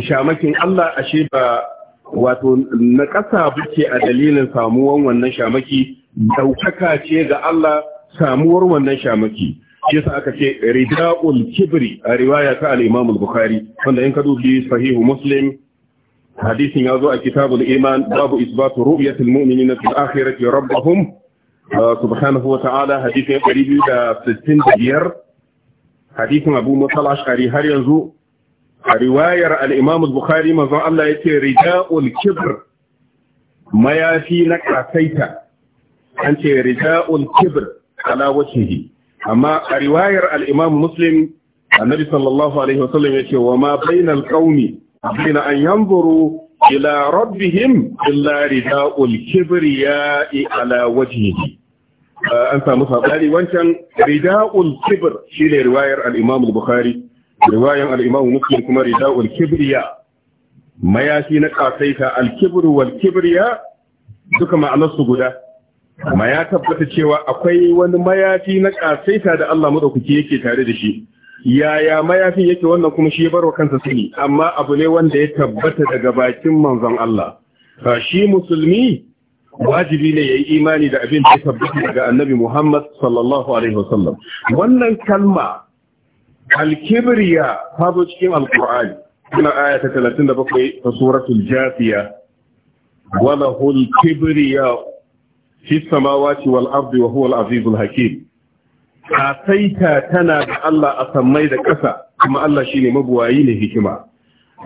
shamakin Allah ashe ba wato na ƙasa buke a dalilin samuwan wannan shamaki daukaka ce ga Allah samuwar wannan shamaki shi yasa aka ce rida'ul kibri a riwaya ta al-Imam al-Bukhari wanda in ka dubi sahihu Muslim hadisin ya zo a kitabul iman babu isbatu ru'yatil muminin fil akhirati rabbahum uh, subhanahu wa ta'ala hadisin 265 hadisin Abu Musa al-Ash'ari har yanzu a riwayar al-Imam al-Bukhari manzon Allah yake rida'ul kibr mayafi na kasaita an ce rida'ul kibr ala wajhihi amma a riwayar al-Imam Muslim annabi sallallahu alaihi wasallam yace wa ma bainal qaumi baina an yanzuru ila rabbihim illa ridaul kibriya'i ala wajhihi ah, an samu sabari wancan ridaul kibr shine riwayar al-Imam al-Bukhari riwayar al-Imam Muslim kuma ridaul kibriya mayafi na kasaita al-kibru wal kibriya duka ma'anarsu guda Ma ya tabbata cewa akwai wani mayafi na ƙasaita da Allah madaukaki yake tare da shi yaya mayafin yake wannan kuma shi ya barwa kansa sani amma abu ne wanda ya tabbata daga bakin manzon Allah shi musulmi wajibi ne yayi imani da abin da ya tabbata daga annabi Muhammad sallallahu alaihi wasallam wannan kalma al-kibriya ta zo cikin al-Qur'ani aya ayata 37 ta suratul jafiya wala hul kibriya fi samawati wa huwa al azizul hakim kasaita tana da Allah a sammai da ƙasa kuma Allah shine mabuwayi ne hikima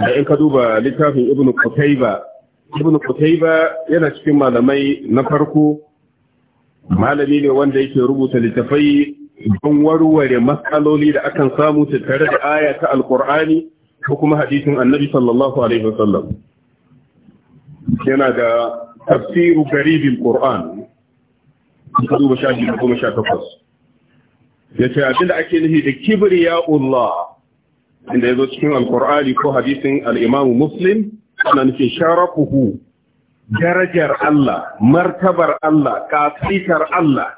da in ka duba littafin ibnu qutayba ibnu qutayba yana cikin malamai na farko malami ne wanda yake rubuta littafai don warware matsaloli da akan samu tattare da aya ta alkur'ani ko kuma hadisin annabi sallallahu alaihi wasallam yana da tafsiru garibin ƙuran in ka sha shafi na goma sha takwas ya ce abinda ake nufi da kibriya Allah inda ya zo cikin alkur'ani ko hadisin al'imamu muslim ana nufin sharafuhu darajar Allah martabar Allah kafitar Allah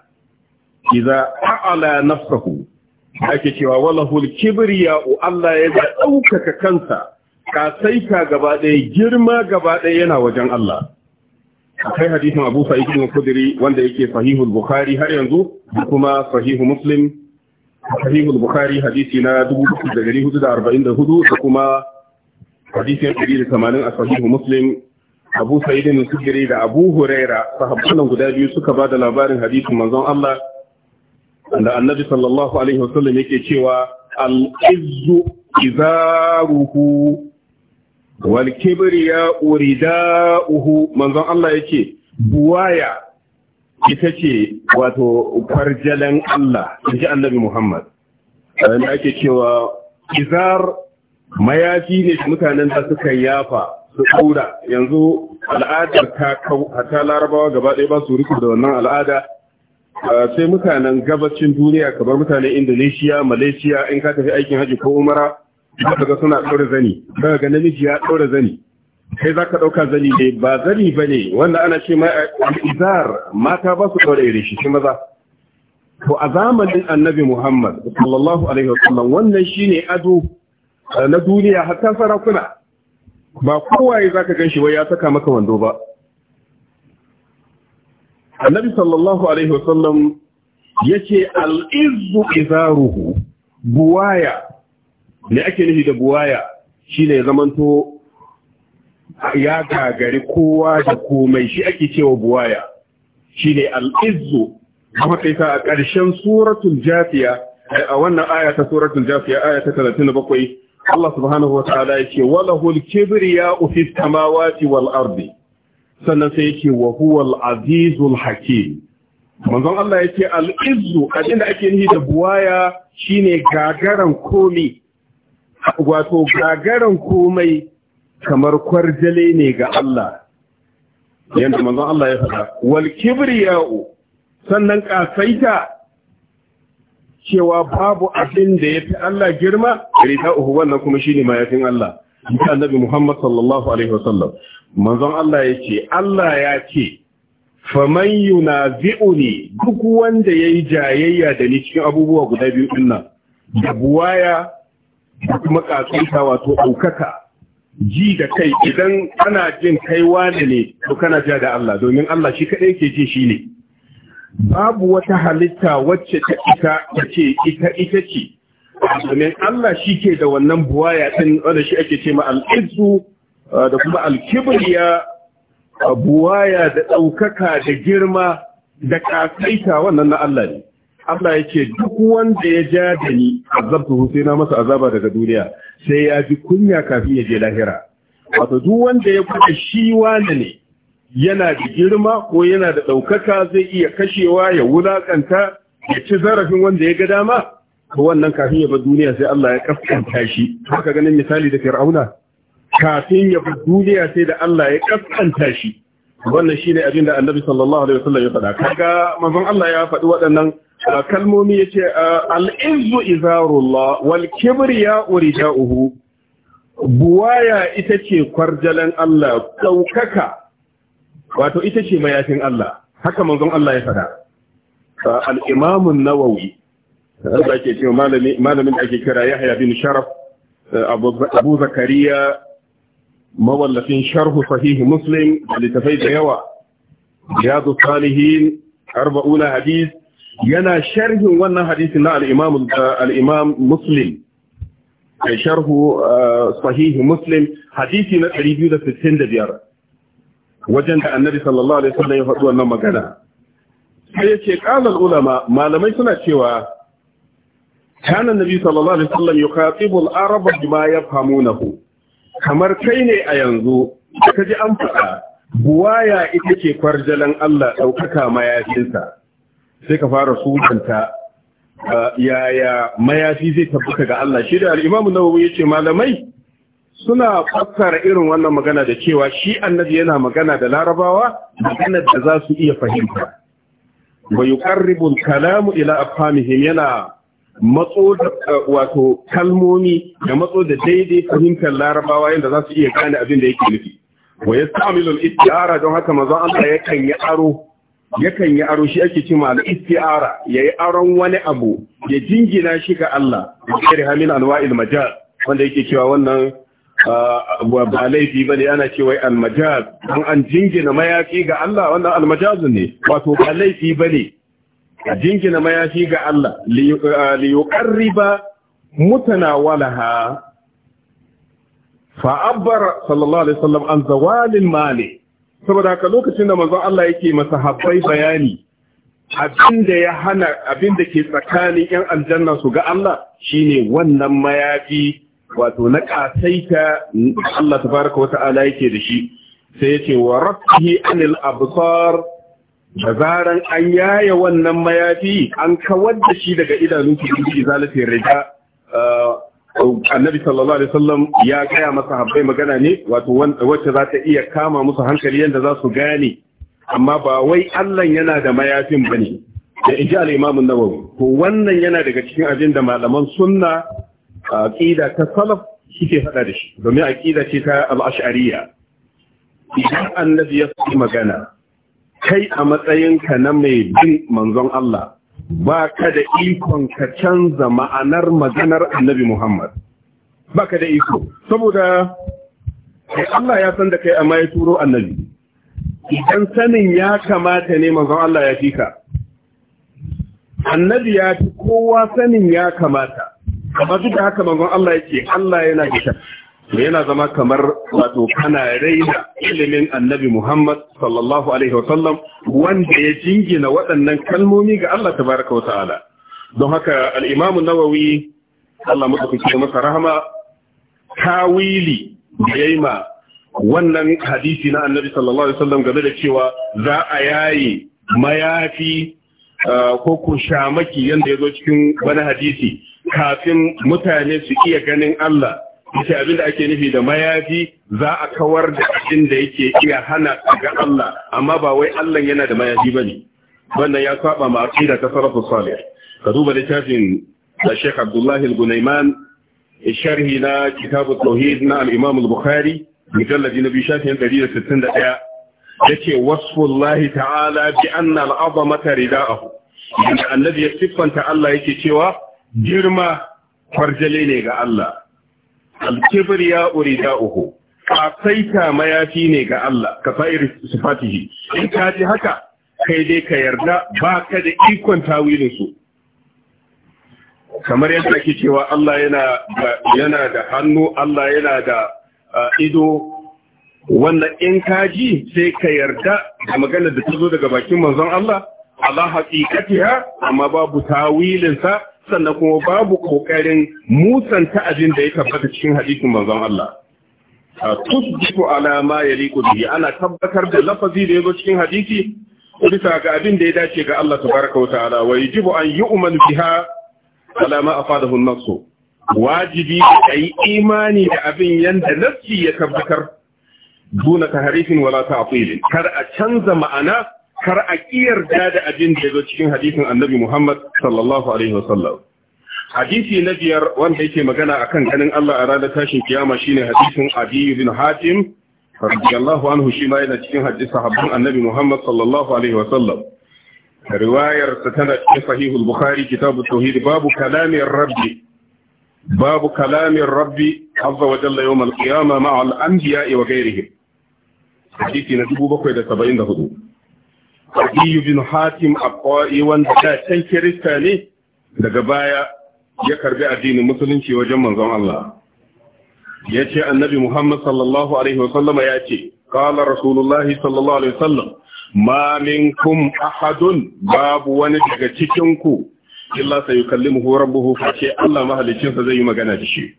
iza haala nafsahu ake cewa walahul kibriya Allah ya ga ɗaukaka kansa kasaita gaba ɗaya girma gaba ɗaya yana wajen Allah akwai hadisin Abu Sa'id al-Khudri wanda yake al Bukhari har yanzu kuma sahihu Muslim al Bukhari hadisi na 1444 da kuma hadisin 180 a sahihu Muslim Abu Sa'id al-Khudri da Abu Huraira sahabban guda biyu suka bada labarin hadisin manzon Allah da Annabi sallallahu alaihi wasallam yake cewa al-izzu izaruhu wal urida, uhu manzon Allah yake buwaya ita ce wato farjalan Allah inji annabi Muhammad wanda ake cewa izar mayafi ne mutanen da suka yafa su ɗaura yanzu al'adar ta kau hata larabawa gaba ɗaya ba su riko da wannan al'ada sai mutanen gabacin duniya kamar mutanen indonesia malaysia in ka tafi aikin haji ko umara za ga suna ɗaura zani za ga namiji ya ɗaura zani kai za ka ɗauka zani ne ba zani ba ne wanda ana ce ma mata ba su ɗaura iri shi maza to a zamanin annabi muhammad sallallahu alaihi wasallam wannan shi ne ado eh, na duniya hatta sarakuna ba kowaye za ka gan shi wai ya saka maka wando ba annabi sallallahu alaihi wasallam ya ce al'izu izaruhu buwaya me ake nufi da buwaya shine ya zamanto ya gagari kowa da komai shi ake cewa buwaya shine al'izu. izzu kuma kai ta a ƙarshen suratul jafiya a wannan aya ta suratul jafiya aya ta 37 Allah subhanahu wa ta'ala ce, walahul kibriya'u fis samawati wal ardi sannan sai yake wa huwal azizul hakim manzon Allah yake al a abinda ake nihi da buwaya shine gagaran komi wato gagarin komai kamar kwarjale ne ga Allah yadda manzon Allah ya faɗa wal kibriya'u sannan kasaita cewa babu abin da ya fi Allah girma uku wannan kuma shine mayafin Allah ita annabi Muhammad sallallahu alaihi wasallam manzon Allah yace Allah ya ce faman ne, duk wanda yayi jayayya da ni cikin abubuwa guda biyu dinnan da buwaya da wato ɗaukaka ji da kai idan ana jin kai wane ne to kana ja da Allah domin Allah shi kaɗai ke ji shi ne babu wata halitta wacce ta ita ta ce ita ita ce domin Allah shi ke da wannan buwaya ɗin wanda shi ake ce ma uh, da kuma alkibriya uh, buwaya da ɗaukaka da girma da ƙasaita wannan na Allah ne Allah ya ce duk wanda ya ja da ni azabtu sai na masa azaba daga duniya sai ya ji kunya kafin ya je lahira wato duk wanda ya kuka shi wani ne yana da girma ko yana da ɗaukaka zai iya kashewa ya wulakanta ya ci zarafin wanda ya ga dama ko wannan kafin ya bar duniya sai Allah ya kaskanta shi haka ganin misali da Fir'auna kafin ya bar duniya sai da Allah ya kaskanta shi wannan shine abin da Annabi sallallahu alaihi wasallam ya faɗa kaga manzon Allah ya faɗi waɗannan kalmomi ya ce al'izzu izarullah wal urita uhu. buwaya ita ce kwarjalan Allah ɗaukaka wato ita ce mayafin Allah haka manzon Allah ya faɗa al'imamun nawawi da ke ce malamin da ake kira yahya bin sharaf abu zakariya mawallafin sharhu sahihi muslim da littafai da yawa riyadu salihin arba'una hadis. yana sharhin wannan hadisi na al-Imam uh, al-Imam Muslim kai sharhu uh, sahih Muslim hadisi na 265 wajen da Annabi sallallahu alaihi wasallam ya faɗi wannan magana sai yace qala ulama malamai suna cewa kana Annabi sallallahu alaihi wasallam yukhatibu al-arab bima yafhamunahu kamar kai ne a yanzu kaji an faɗa buwaya ita ce kwarjalan Allah ɗaukaka mayafinsa sai ka fara sunanta yaya mayafi zai tabbata ga Allah shi da al’imamu na wuyi ce malamai suna fassara irin wannan magana da cewa shi annabi yana magana da larabawa magana da za su iya fahimta wa ƙarribun kalamu ila afhamihim yana matso da wato kalmomi da matso da daidai fahimtar larabawa yadda za su iya gane abin da yake nufi wa yasta'milu al don haka manzon Allah yakan yi aro yakan yi aro shi ake cewa al-isti'ara yi aron wani abu ya jingina shi ga Allah da hamin anwa'il majaz wanda yake cewa wannan ba laifi ba bane ana cewa al-majaz an jingina mayafi ga Allah wannan al-majaz ne wato ba laifi ba ne. a jingina mayafi ga Allah li yuqarriba mutanawalaha fa abbar sallallahu alaihi Sallam an zawalil mali saboda haka lokacin da manzon Allah yake masahabbai bayani abinda ya hana abinda ke tsakanin yan aljanna su ga Allah shine wannan mayafi wato na kasaita Allah tabaraka wata'ala yake da shi sai yace wa rafihi anil absar da zaran an yaya wannan mayafi an kawar da shi daga idanun su bi rida annabi sallallahu alaihi wasallam ya gaya masa habbai magana ne wato wacce za ta iya kama musu hankali yadda za su gane amma ba wai Allah yana da mayafin bane da inji al-Imam an-Nawawi to wannan yana daga cikin abin da malaman sunna aqida ta salaf suke faɗa da shi domin aqida ce ta al-Ash'ariyya idan annabi ya magana kai a matsayinka na mai bin manzon Allah ba ka da ikon ka canza ma'anar maganar annabi Muhammad ba ka da iko saboda Allah ya san da kai amma ya turo annabi idan sanin ya kamata ne manzon Allah ya fi ka, annabi ya fi kowa sanin ya kamata Kamar duk da haka manzon Allah ya ce, Allah yana da da yana zama kamar wato kana raina ilimin annabi Muhammad sallallahu Alaihi sallam, wanda ya jingina waɗannan kalmomi ga Allah ta baraka wa ta'ala. Don haka al'imamun nawawi Allah muka masa rahama tawili da ma wannan hadisi na annabi sallallahu Alaihi sallam, game da cewa za a yayi mayafi ko ko shamaki yadda ya zo cikin wani hadisi kafin mutane su iya ganin Allah. yace abin da ake nufi da mayafi za a kawar da abin da yake iya hana ga Allah amma ba wai Allah yana da mayafi bane wannan ya saba ma aqida ta salafus ka duba littafin da Sheikh Abdullahi al sharhi na kitabu tauhid na al bukhari mujallad na bi shafin 161 yace wasfullahi ta'ala bi anna mata azamata Inda annabi ya siffanta Allah yake cewa girma farjale ne ga Allah alkibriya urida'uhu ƙasaita mayafi ne ga Allah ka fa'ir sifatihi in ka ji haka kai dai ka yarda ba ka da ikon tawilinsu. kamar yadda ake cewa Allah yana da hannu Allah yana da ah, ido wannan in ka ji sai ka yarda da maganar da ta zo daga bakin manzon Allah Allah haqiqatiha amma babu tawilinsa. sannan kuma babu kokarin musanta abin da ya tabbata cikin hadisin manzon Allah tusbitu ala ma yaliqu bihi ana tabbatar da lafazi da yazo cikin hadisi bisa ga abin da ya dace ga Allah tabaraka wa ta'ala wa yajibu an alama biha ala ma afadahu an-nass wajibi kai imani da abin yanda nafsi ya tabbatar duna tahrifin wala ta'til kar a canza ma'ana kar a kiyarda da abin da ya zo cikin hadisin annabi Muhammad sallallahu alaihi wasallam hadisi na biyar wanda yake magana a kan ganin Allah a ranar tashin kiyama ne hadisin Abi bin Hatim radiyallahu anhu shi ma yana cikin hadisi sahabban annabi Muhammad sallallahu alaihi wasallam riwayar sa tana cikin sahihul bukhari kitabu tauhid babu kalamin rabbi babu kalamin rabbi azza wa jalla yawm al-qiyamah ma'a al-anbiya'i wa ghayrihim hadisi na hudu. Abiyu bin Hatim Akwai wanda da can Kirista ne daga baya ya karbi addinin musulunci wajen manzon Allah. Ya ce annabi Muhammad sallallahu Alaihi wasallam ya ce, Kala Rasulullahi sallallahu Alaihi wasallam, ma minkum ahadun babu wani daga cikinku, illa sai yi kalli buhu face Allah mahalicinsa zai yi magana da shi.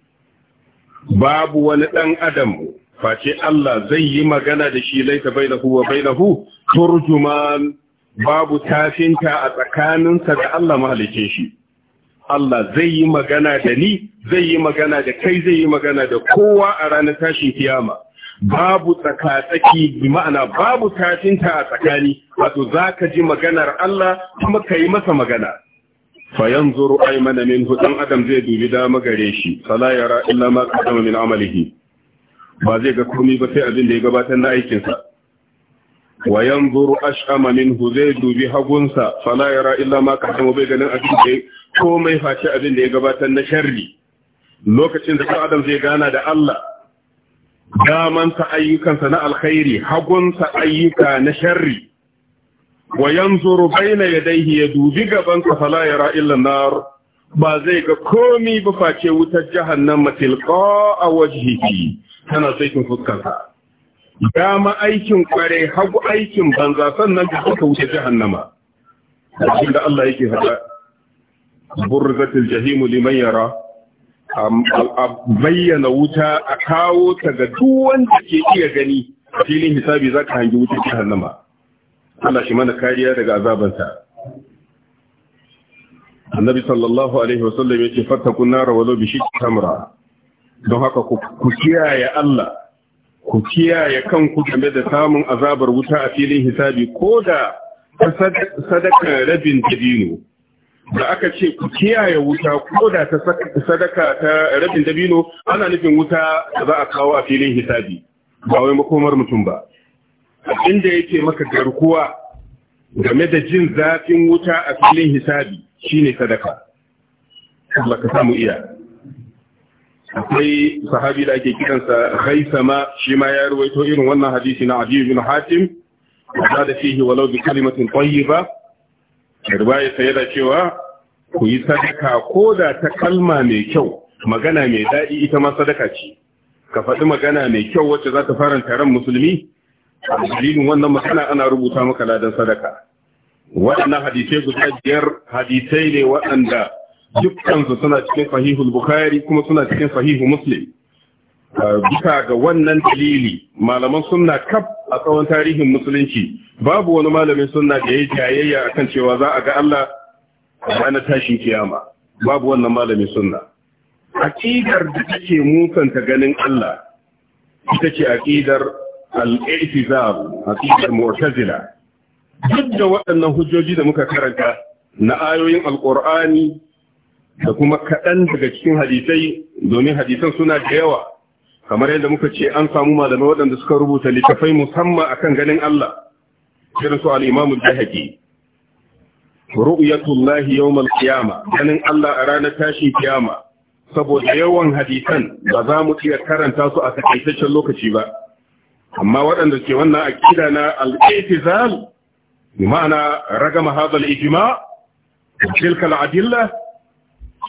Babu wani ɗan adam face Allah zai yi magana da shi laita bai wa bainahu turjuman babu tafinta a tsakaninsa da Allah mahalicin shi Allah zai yi magana da ni zai yi magana da kai zai yi magana da kowa a ranar tashin kiyama babu tsakatsaki bi ma'ana babu tafinta a tsakani wato zaka ji maganar Allah kuma kai masa magana fayanzuru aymana min dan adam zai dubi dama gare shi sala yara illa ma qadama min amalihi ba zai ga komi ba sai abin da ya gabatar na aikinsa wa yanzuru ash'ama minhu zai dubi hagunsa fala yara illa ma qadama bai ganin abin da komai face abin da ya gabatar na sharri lokacin da adam zai gana da Allah damansa ayyukansa na alkhairi hagunsa ayyuka na sharri wa yanzuru baina yadayhi ya dubi gabansa fala yara illa nar ba zai ga komi ba face wutar jahannama tilqa a wajhihi tana sakin fuskarsa dama aikin kware hagu aikin banza sannan da suka wuce jahannama abin da Allah yake hada burzatil jahimu liman yara a bayyana wuta a kawo ta ga duk wanda ke iya gani filin hisabi za ka hangi wutar jahannama Allah shi mana kariya daga azabanta annabi sallallahu alaihi wasallam yake fatakun nara walau bi shi tamra don haka ku kiyaye Allah ku kiyaye kanku game da samun azabar wuta a filin hisabi ko sadaka rabin dabino da aka ce ku kiyaye wuta ko ta sadaka ta rabin dabino ana nufin wuta da za a kawo a filin hisabi ba wai makomar mutum ba inda yake maka garkuwa game da jin zafin wuta a filin hisabi shine sadaka Allah ka samu iya akwai sahabi da ake kiransa haisama shi ma ya ruwaito irin wannan hadisi na abiyu bin hatim da da fihi walau bi kalimatin tayyiba ya sayar da cewa ku yi sadaka ko da ta kalma mai kyau magana mai daɗi ita ma sadaka ce ka faɗi magana mai kyau wacce za ta faranta ran musulmi a dalilin wannan magana ana rubuta maka ladan sadaka waɗannan hadisai guda biyar hadisai ne waɗanda dukkansu suna cikin sahihul bukhari kuma suna cikin sahihu muslim uh, bisa ga wannan dalili malaman sunna kaf a tsawon tarihin musulunci babu wani malamin sunna da ya jayayya akan cewa za a ga Allah ranar tashin kiyama babu wannan malamin sunna aqidar da take musanta ganin Allah ita ce aqidar al-i'tizar aqidar mu'tazila duk da waɗannan hujjoji da muka karanta na ayoyin alqur'ani da kuma kaɗan daga cikin hadisai domin hadisan suna da yawa kamar yadda muka ce an samu malamai waɗanda suka rubuta littafai musamman akan ganin Allah irin su al-Imam al-Bahaqi ru'yatullah yawm qiyama ganin Allah a ranar tashi kiyama saboda yawan hadisan ba za mu iya karanta su a takaitaccen lokaci ba amma waɗanda ke wannan akida na al-i'tizal ma'ana ragama hadha al-ijma' tilka al-adillah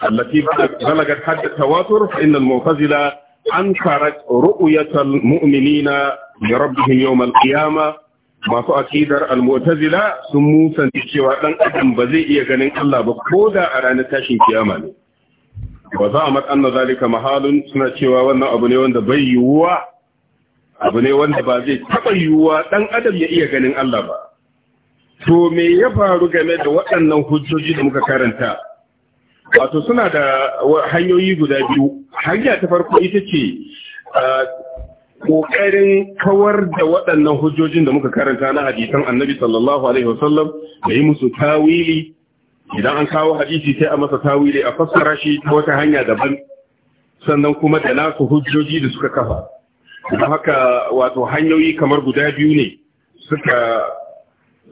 التي بلغت حد التواتر فإن المعتزلة أنكرت رؤية المؤمنين لربهم يوم القيامة masu akidar almu'tazila sun musanci cewa dan adam ba zai iya ganin Allah ba ko da a ranar tashin kiyama ne wa za a matsanna zalika mahalun suna cewa wannan abu ne wanda bai yiwuwa abu ne wanda ba zai taɓa yiwuwa dan adam ya iya ganin Allah ba to me ya faru game da waɗannan hujjoji da muka karanta wato suna da hanyoyi guda biyu hanya ta farko ita ce ƙoƙarin kawar da waɗannan hujjojin da muka karanta na hadisan annabi sallallahu alaihi wasallam da yi musu tawili idan an kawo hadisi sai a masa tawili a fassara shi ta wata hanya daban sannan kuma da nasu hujjoji da suka kafa don haka wato hanyoyi kamar guda biyu ne suka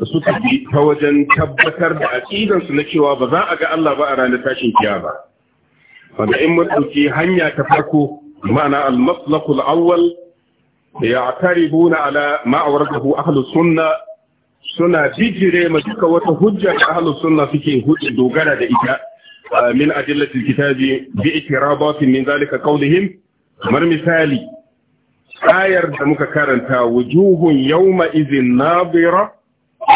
suka bi ta wajen tabbatar da aƙidansu na cewa ba za a ga Allah ba a ranar tashin ba wanda in mun hanya ta farko ma'ana al-maslaqul awwal ya'taribuna ala ma awradahu ahlus sunna suna bijire ma duka wata hujja da ahlus sunna suke hudu dogara da ita min adillatil kitabi bi itirabatin min zalika qawlihim kamar misali ayar da muka karanta wujuhun yawma idhin nadira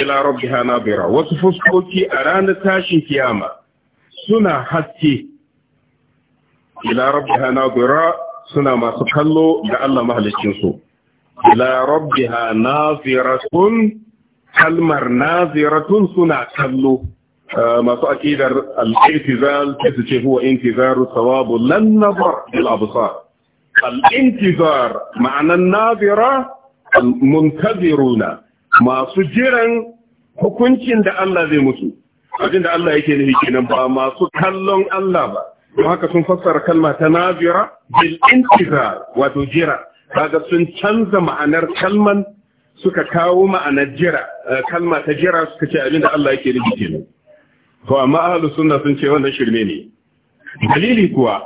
إلى ربها ناظرة وتفسك أران تاشي كياما سنة حتي إلى ربها ناظرة سنة ما سكالو لألا مهل الشنسو إلى ربها ناظرة كلمر ناظرة سنة كالو آه، ما سأكيد الانتظار كيسي هو انتظار الثواب لن نظر بالأبصار الانتظار معنى الناظرة المنتظرون masu jiran hukuncin da Allah zai mutu, abin da Allah yake nufi kenan ba masu kallon Allah ba don haka sun fassara kalma ta nazira bil intizar wato jira kaga sun canza ma'anar kalman suka kawo ma'anar jira eh, kalma ta jira suka ce abin da Allah yake nufi kenan to amma ahlus sunna sun ce wannan shirme ne dalili kuwa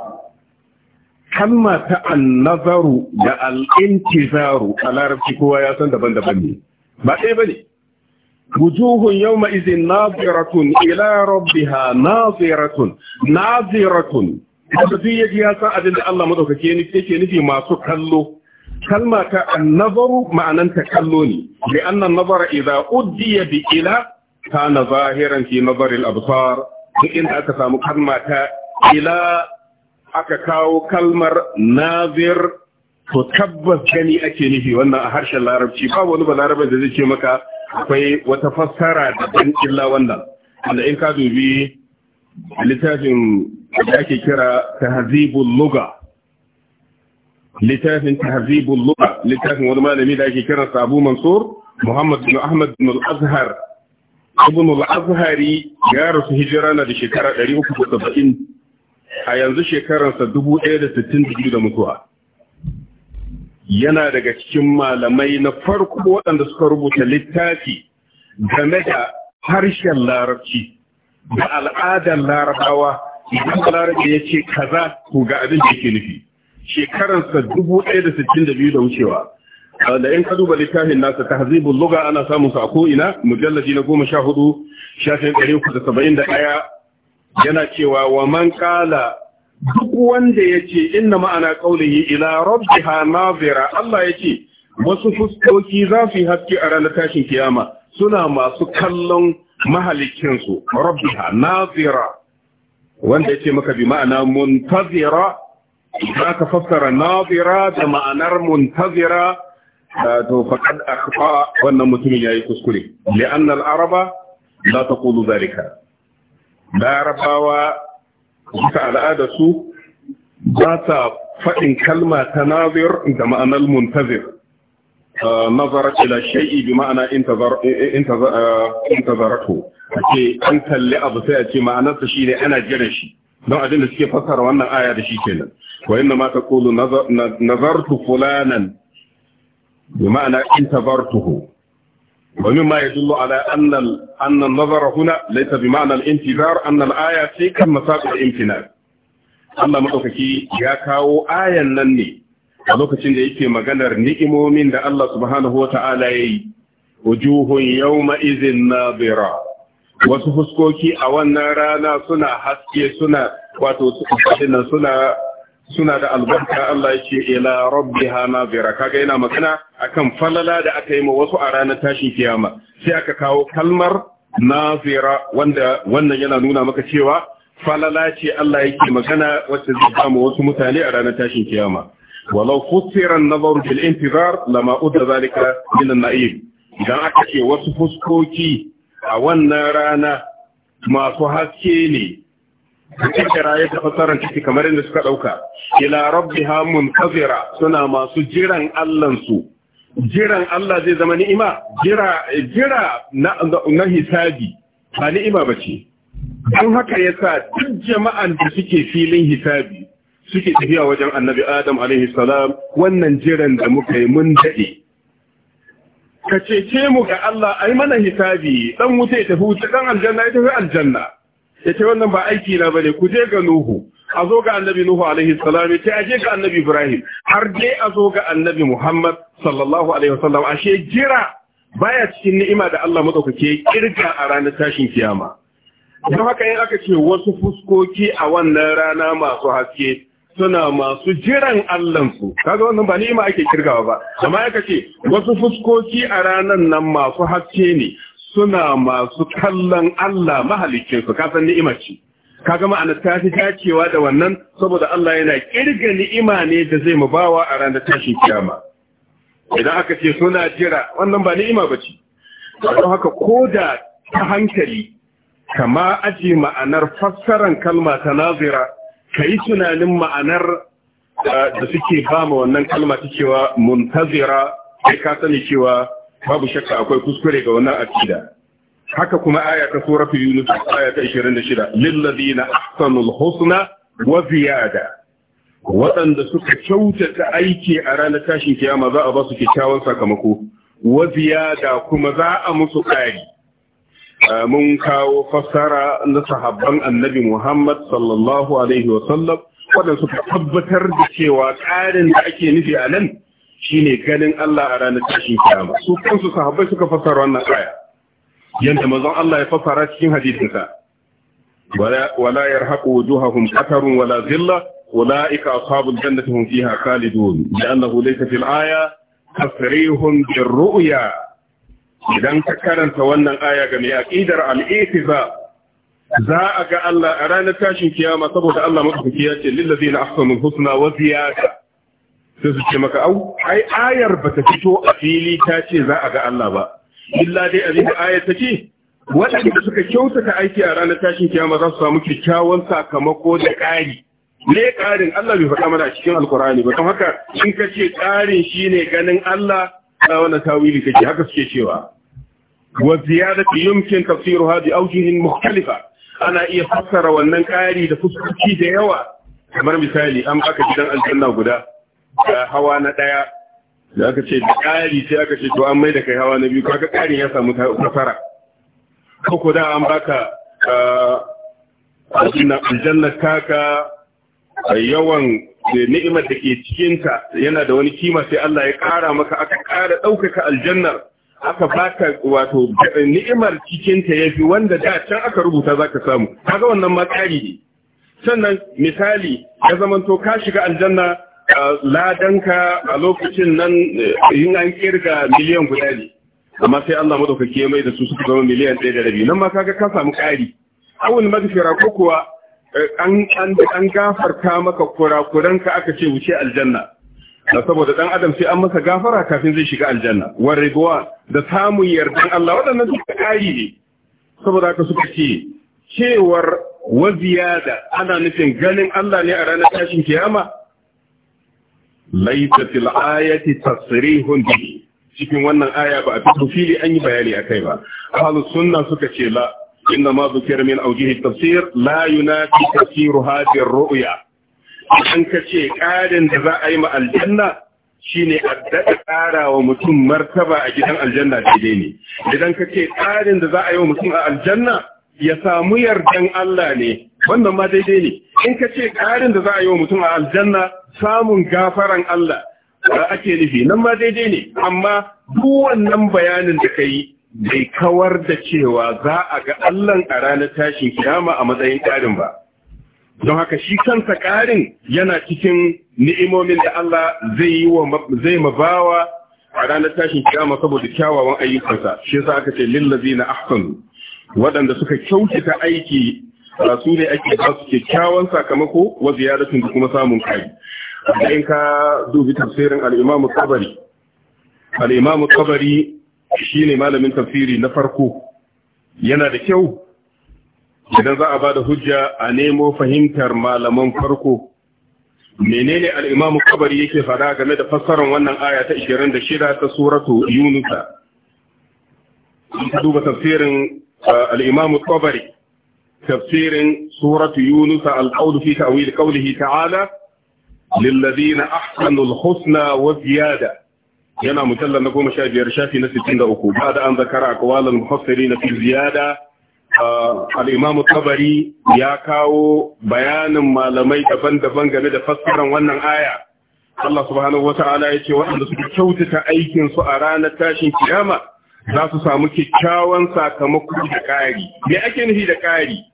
kalma ta annazaru da al-intizaru a larabci kowa ya san daban-daban ne ba ɗaya ba ne wujuhun yau ma'izin naziratun ila rabbiha naziratun naziratun wanda duk ya ji ya san abin da Allah madaukake yake nufi masu kallo kalma ta annabaru ma'ananta kallo ne bi annan nazara idza uddiya bi ila na zahiran a nazar al duk inda aka samu kalma ta ila aka kawo kalmar nazir to tabbas gani ake nufi wannan a harshen larabci ba wani ba larabin da zai ce maka akwai wata fassara da ban illa wannan wanda in ka dubi littafin da ake kira tahzibul lugha littafin tahzibul lugha littafin wani malami da ake kira sabu Mansur Muhammad bin Ahmad bin Al-Azhar Ibn Al-Azhari ya rasu hijira na da shekara 370 a yanzu shekararsa 1062 da mutuwa yana daga cikin malamai na farko waɗanda suka rubuta littafi game da harshen larabci da al'adar larabawa idan larabci ya ce kaza ku ga abin da ke nufi shekararsa dubu ɗaya da sittin da biyu da wucewa da in ka duba littafin nasa ta hazibin luga ana samun sa a ko'ina mujallaji na goma sha hudu shafin ɗari uku da saba'in da ɗaya yana cewa wa man kala duk wanda ya ce inna ma'ana qaulihi ila rabbiha nazira Allah ya ce wasu fuskoki za su yi haske a ranar tashin kiyama suna masu kallon mahalikinsu rabbiha nazira wanda ya ce maka bi ma'ana muntazira za ka fassara nazira da ma'anar muntazira to faqad akhta wannan mutumin yayi kuskure li'anna al-araba la taqulu dhalika larabawa bisa al'ada su ba ta faɗin kalma ta nazir da ma'anar muntazir ah, nazar ila shay'i bi ma'ana ah, intazaratu a ce an kalli abu sai a ce ma'anarsa shi ne ana jira shi don abin da suke fasara wannan aya da shi kenan wa inna ma taqulu nazartu fulanan bi ma'ana intazartuhu ومما يدل على أن أن النظر هنا ليس بمعنى الانتظار أن الآية في كم مساق الامتنان Allah maɗaukaki ya kawo ayan nan ne a lokacin da yake maganar ni'imomin da Allah subhanahu wa ta'ala ya yi, wujuhun yawma izin nazira. Wasu fuskoki a wannan rana suna haske suna wato suna suna da albarka Allah ya ce ila rabbiha nazira kaga yana magana akan falala da aka yi ma wasu a ranar tashin kiyama sai aka kawo kalmar nazira wanda wannan yana nuna maka cewa falala ce Allah yake magana wacce zai kama wasu mutane a ranar tashin kiyama walau fusira nazar bil intizar lama udda zalika min an-na'im idan aka ce wasu fuskoki a wannan rana masu haske ne kirkira ya tafi tsaron ciki kamar inda suka ɗauka ila rabbiha muntazira suna masu jiran allansu jiran Allah zai zama ni'ima jira jira na hisabi ba ni'ima ba ce don haka ya sa duk jama'an da suke filin hisabi suke tafiya wajen annabi adam alaihi salam wannan jiran da muka yi mun daɗe ka cece mu ga Allah ai mana hisabi dan wuce ya tafi wuce dan aljanna ya tafi aljanna ya ce wannan ba aiki na bane ku je ga nuhu a zo ga annabi nuhu alaihi salam ya ce a je ga annabi ibrahim har dai a zo ga annabi muhammad sallallahu alaihi wasallam ashe jira baya cikin ni'ima da Allah madaukake kirka a ranar tashin kiyama don haka in aka ce wasu fuskoki a wannan rana masu haske suna masu jiran Allahnsu kaga wannan ba ni'ima ake kirgawa ba amma aka ce wasu fuskoki a ranan nan masu haske ne suna masu kallon Allah mahalikinsu kasan ni'ima ce kaga ma'ana ta fi dacewa da wannan saboda Allah yana kirga ni'ima ne da zai mu bawa a ranar tashin kiyama idan aka ce suna jira wannan ba ni'ima ba ce, don haka ko da ta hankali kama aji ma'anar fassaran kalma ta nazira yi tunanin ma'anar eh, da suke ba wannan kalma ta cewa muntazira sai ka sani cewa babu shakka akwai kuskure ga wannan aqida haka kuma aya ta suratu yunus aya ta 26 lilladheena ahsanul husna wa ziyada waɗanda suka kyautata aiki a ranar tashin kiyama za a ba su kyakkyawan sakamako wa ziyada kuma za a musu ƙari mun kawo fassara na sahabban annabi Muhammad sallallahu alaihi wa sallam waɗanda suka tabbatar da cewa ƙarin da ake nufi a nan shine ganin Allah a ranar tashin kiyama su kansu sahabbai suka fasara wannan aya yanda manzon Allah ya fasara cikin hadisinsa wala wala yarhaqu wujuhahum qatarun wala dhilla ulaika ashabul jannati hum fiha khalidun li'annahu laysa fil aya tasrihun bir ru'ya idan ka karanta wannan aya ga mai aqidar al-itiza za a ga Allah a ranar tashin kiyama saboda Allah madaukaki ya ce na ladina ahsanu husna wa ziyada sai su ce maka au ai ayar bata fito a fili ta ce za a ga Allah ba illa dai abin da ayar ta ce waɗanda suka kyautata aiki a ranar tashin kiyama za su samu kyakkyawan sakamako da ƙari ne ƙarin Allah bai faɗa mana a cikin alkurani ba don haka in ka ce ƙarin shi ne ganin Allah na wannan tawili kake haka suke cewa wa ziyadati yumkin tafsiruha bi awjihin mukhtalifa ana iya fassara wannan ƙari da fuskoki da yawa kamar misali an baka gidan aljanna guda hawa na ɗaya da aka ce da ƙari sai aka ce to an mai da kai hawa na biyu kaga ƙarin ya samu nasara Koko da an baka aljannar kaka yawan ni'imar da ke cikinta yana da wani kima sai Allah ya ƙara maka aka ƙara ɗaukaka aljannar aka baka wato ni'imar cikinta ya fi wanda da can aka rubuta za ka samu kaga wannan ma tsari ne sannan misali ya zamanto ka shiga aljanna ladanka a lokacin nan yin eh, an kirga miliyan guda ne amma sai Allah madaukake mai da su suka zama miliyan ɗaya da rabi nan ma kaga ka samu ƙari awul magfira ko kuwa eh, an an gafarta maka kurakuran ka aka ce wuce aljanna saboda dan adam sai an masa gafara kafin zai shiga aljanna wa rigwa da samun yardan Allah wadannan duka ƙari ne saboda haka suka ce cewar waziyada ana nufin ganin Allah ne a ranar tashin kiyama laita fil ayati tasrihun bi cikin wannan aya ba a fito fili an yi bayani akai ba ahlus sunna suka ce la inna ma zukira min awjihi tafsir la yunafi tafsiru hadhihi ar-ru'ya an kace karin da za a yi ma aljanna shine addada ƙara wa mutum martaba a gidan aljanna daidai ne idan ka ce tsarin da za a yi wa mutum a aljanna ya samu yardan Allah ne wannan ma daidai ne in ka ce tsarin da za a yi wa mutum a aljanna samun gafaran Allah ba ake nufi nan ma daidai ne amma duk wannan bayanin da ka yi bai kawar da cewa za a ga allah a ranar tashin kiyama a matsayin ƙarin ba don haka shi kansa ƙarin yana cikin ni'imomin da Allah zai yi wa zai mabawa a ranar tashin kiyama saboda kyawawan ayyukansa shi yasa aka ce lillazina ahsanu waɗanda suka kyautata aiki su ne ake ba su kyakkyawan sakamako wa ziyaratun da kuma samun kai in ka dubi tafsirin al'imamu tabari al'imamu tabari shi ne malamin tafsiri na farko yana da kyau idan za a ba da hujja a nemo fahimtar malaman farko menene al'imamu kabari yake fada game da fassarar wannan aya ta 26 ta suratu yunusa ka duba tafsirin uh, al'imamu kabari tafsirin suratu yunusa al'audu fi ta'awil qawlihi ta'ala lillazina ahsanul husna wa yana mujallar na goma sha biyar shafi na sittin da uku ba da an zakara akwalan muhassiri na fi ziyada al'imamu tabari ya kawo bayanin malamai daban-daban game da fassarar wannan aya Allah subhanahu wa ta'ala ya ce waɗanda suka kyautata aikinsu a ranar tashin kiyama za su samu kyakkyawan sakamako da ƙari me ake nufi da ƙari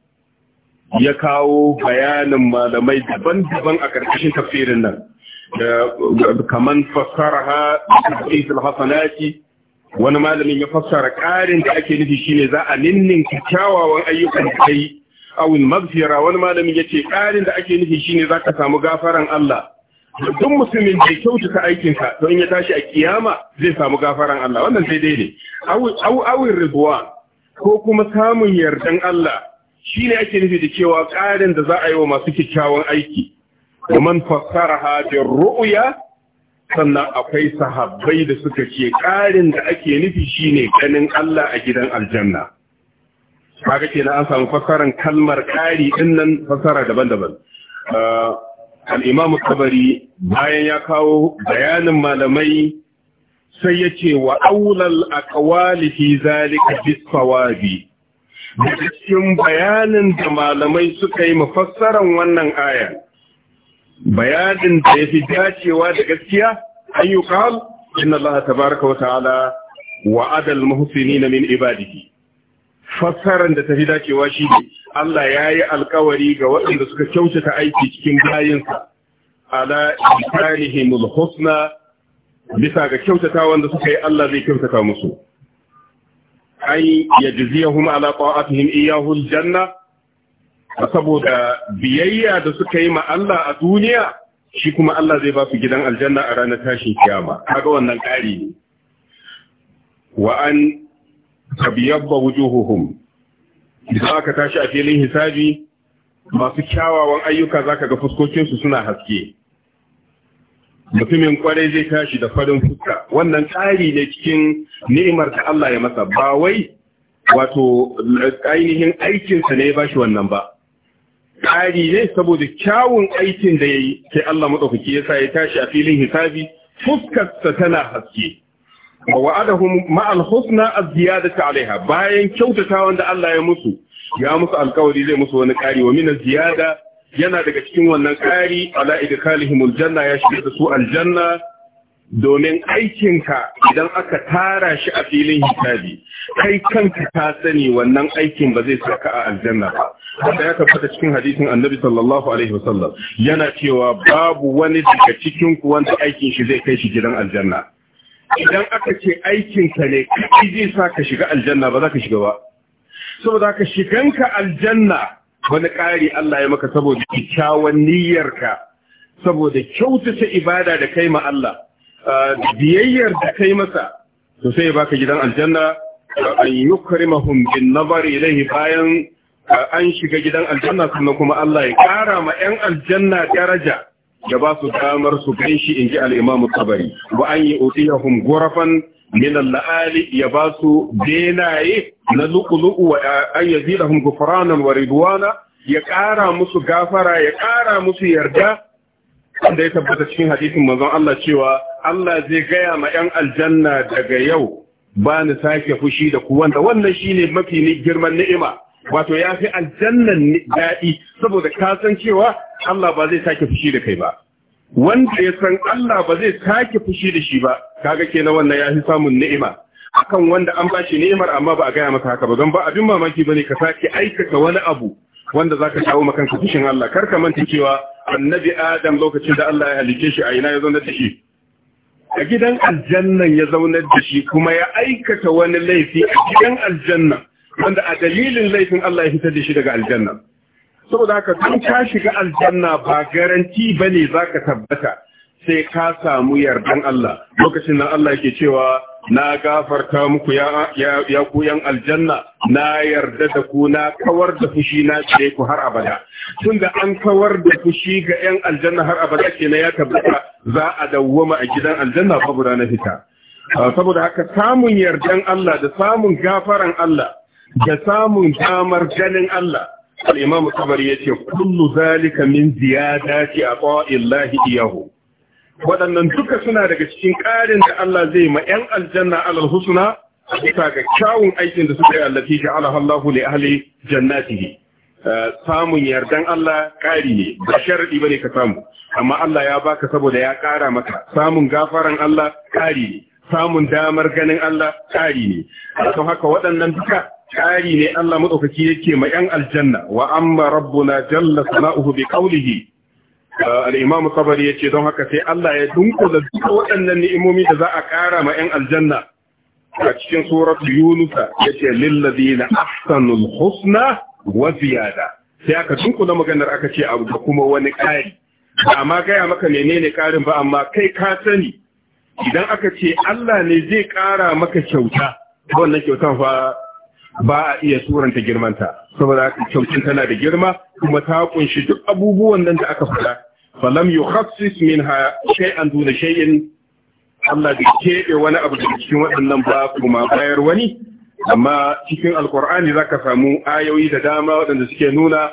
ya kawo bayanin malamai daban-daban a ƙarƙashin tafsirin nan Da kaman fassara ha isil hasanati wani malamin ya fassara ƙarin da ake nufi shine za a ninnin kyawawan ayyukan da kai awin magfira wani malamin ya ce ƙarin da ake nufi shine za ka samu gafaran Allah duk musulmin da kyautata aikinsa don ya tashi a kiyama zai samu gafaran Allah wannan sai dai ne aw awin ridwan ko kuma samun yardan Allah shi ne ake nufi da cewa ƙarin da za a yi wa masu kyakkyawan aiki da man fassara hajjar ru'uya sannan akwai sahabbai da suka ce ƙarin da ake nufi shi ne ganin Allah a gidan aljanna kaga ke na an samu fasaran kalmar ƙari ɗin nan fassara daban-daban uh, al'imam kabari bayan ya kawo bayanin malamai sai ya ce wa aulal aƙawali fi zalika bisawabi daga cikin bayanin da malamai suka yi mafassaran wannan aya bayanin da ya fi dacewa da gaskiya ayyukal inna Allah tabaraka wa ta'ala muhsinin min ibadihi fassaran da ta fi dacewa shi ne Allah ya yi alkawari ga waɗanda suka kyautata aiki cikin bayinsa ala ikarihimul husna bisa ga kyautata wanda suka yi Allah zai kyautata musu ai yajziyahum ala ta'atihim iyyahu aljanna saboda biyayya da suka yi ma Allah a duniya shi kuma Allah zai ba su gidan aljanna a ranar tashin kiyama kaga wannan kari ne wa an tabiyabba wujuhuhum idan aka tashi a filin hisabi masu kyawawan ayyuka zaka ga fuskokinsu suna haske mutumin kwarai zai tashi da farin fuska wannan tsari ne cikin ni'imar da Allah ya masa ba wai wato ainihin aikinsa ne ya bashi wannan ba tsari ne saboda kyawun aikin da ya yi sai Allah maɗaukaki ya sa ya tashi a filin hisabi fuskarsa tana haske wa wa'adahum ma'al husna az-ziyadati 'alayha bayan kyautata wanda Allah ya musu ya musu alƙawari zai musu wani ƙari wa min az-ziyada yana daga cikin wannan ƙari ala idkalihim aljanna ya shiga da su aljanna domin aikinka idan aka tara shi a filin hisabi kai kanka ka sani wannan aikin ba zai saka a aljanna ba haka ya tabbata cikin hadisin annabi sallallahu alaihi wasallam yana cewa babu wani daga cikin ku wanda aikin shi zai kai shi gidan aljanna idan aka ce aikinka ne kai zai saka shiga aljanna ba za ka shiga ba saboda ka shiganka aljanna wani ƙari Allah ya maka saboda kyakkyawan niyyarka saboda kyautata ibada da kai ma Allah da biyayyar da kai masa to sai baka gidan aljanna an yukrimahum bin nazari ilayhi bayan an shiga gidan aljanna sannan kuma Allah ya ƙara ma 'yan aljanna daraja ya ba su damar su ganshi in ji al'imamu tabari ba an yi utiyahum min al ya basu benaye na lu'ulu'u wa an yazidahum ghufranan wa ridwana ya ƙara musu gafara ya ƙara musu yarda wanda ya tabbata cikin hadisin manzon Allah cewa Allah zai gaya ma 'yan aljanna daga yau ba ni sake fushi da ku wanda wannan shine mafi girman ni'ima wato ya fi aljannan daɗi saboda ka san cewa Allah ba zai sake fushi da kai ba wanda ya san Allah ba zai sake fushi da shi ba kaga kenan wannan ya samun ni'ima akan wanda an ba shi ni'imar amma ba a gaya maka haka ba don ba abin mamaki bane ka sake aikata wani abu wanda zaka shawo maka kanka fushin Allah kar ka manta cewa annabi Adam lokacin da Allah ya halice shi a ina ya zauna da shi a gidan Aljanna ya zauna da shi kuma ya aikata wani laifi a gidan aljanna wanda a dalilin laifin Allah ya fitar da shi daga aljanna saboda haka tun ka shiga aljanna ba garanti bane zaka tabbata sai ka samu yardan Allah lokacin nan Allah yake cewa na gafarta muku ya ya ku yan aljanna na yarda da ku na kawar da fushi na gare ku har abada tunda an kawar da fushi ga yan aljanna har abada na ya tabbata za a dawwama a gidan aljanna babu ranar fita ah, saboda haka samun yardan Allah da samun gafaran Allah da samun damar ganin Allah al imam tabari yace kullu zalika min ziyadati aqa'illahi iyahu waɗannan duka suna daga cikin ƙarin da Allah zai ma 'yan aljanna alal husna a bisa ga kyawun aikin da suka yi allafi ga alhallahu li ahli jannatihi eh, samun yardan Allah ƙari ne ba ba ne ka samu amma Allah ya baka saboda ya ƙara maka samun gafaran Allah ƙari ne samun damar ganin Allah ƙari ne to haka waɗannan duka ƙari ne Allah madaukaki yake ma 'yan aljanna wa amma rabbuna jalla sana'uhu bi qawlihi Eh, al-imam sabari yace don haka sai Allah ya dunkula duka waɗannan ni'imomi da za a ƙara ma 'yan aljanna a cikin Yunusa, ya ce lil ladina ahsanul husna wa ziyada sai aka dunkula maganar aka ce abu da kuma wani ƙari amma gaya maka menene ƙarin ba amma kai ka sani idan aka ce Allah ne zai ƙara maka kyauta wannan kyautan fa ba a iya suranta girmanta saboda kyautin tana da girma kuma ta kunshi duk abubuwan nan da aka fada falam yukhassis minha shay'an duna shay'in Allah bai keɓe wani abu daga cikin waɗannan ba kuma bayar wani amma cikin alkur'ani za ka samu ayoyi da dama waɗanda suke nuna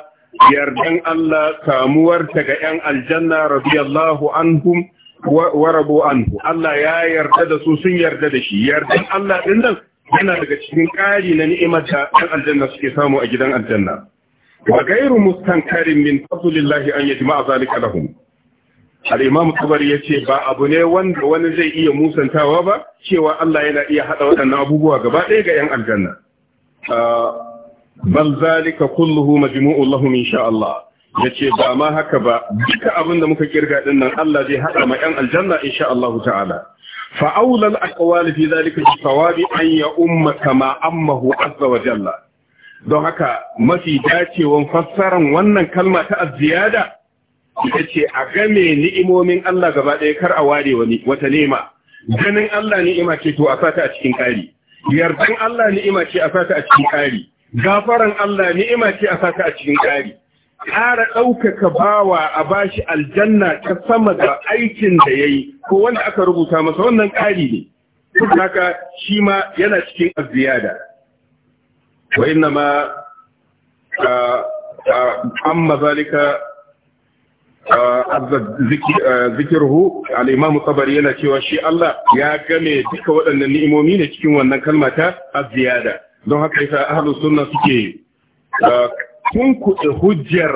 yardan Allah samuwar daga 'yan aljanna radiyallahu anhum wa rabu anhu Allah ya yarda da su sun yarda da shi yardan Allah ɗin nan yana daga cikin ƙari na ni'imar da 'yan aljanna suke samu a gidan aljanna wa ghairu mustankarin min fadlillahi an yajma'a zalika lahum al'imam kabari ya ce ba abu ne wanda wani zai iya musantawa ba cewa Allah yana iya haɗa waɗannan abubuwa gaba ɗaya ga ‘yan aljanna. Bal zalika kulluhu majmu'u lahum insha Allah ya ce ba ma haka ba duka abin da muka kirga ɗin nan Allah zai haɗa ma ‘yan aljanna insha Allah ta'ala. Fa'aular akwali fi zalika shi tawabi an ya umma kama ammahu azza wa jalla. Don haka mafi dacewan fassaran wannan kalma ta da? ita ce a game ni'imomin Allah gaba ɗaya kar a ware wani wata nema ganin Allah ni'ima ce to a sata a cikin ƙari yardan Allah ni'ima ce a sata a cikin ƙari gafaran Allah ni'ima ce a sata a cikin ƙari ƙara ɗaukaka bawa a bashi aljanna ta sama ga aikin da ya yi ko wanda aka rubuta masa wannan ƙari ne haka shi ma yana cikin aziyada wa inna ma amma zalika zikirhu al'imamu tsabari yana cewa shi Allah ya game duka waɗannan ni'imomi ne cikin wannan kalmata a ziyada don haka yasa ahalu sunna suke kunkuɗe hujjar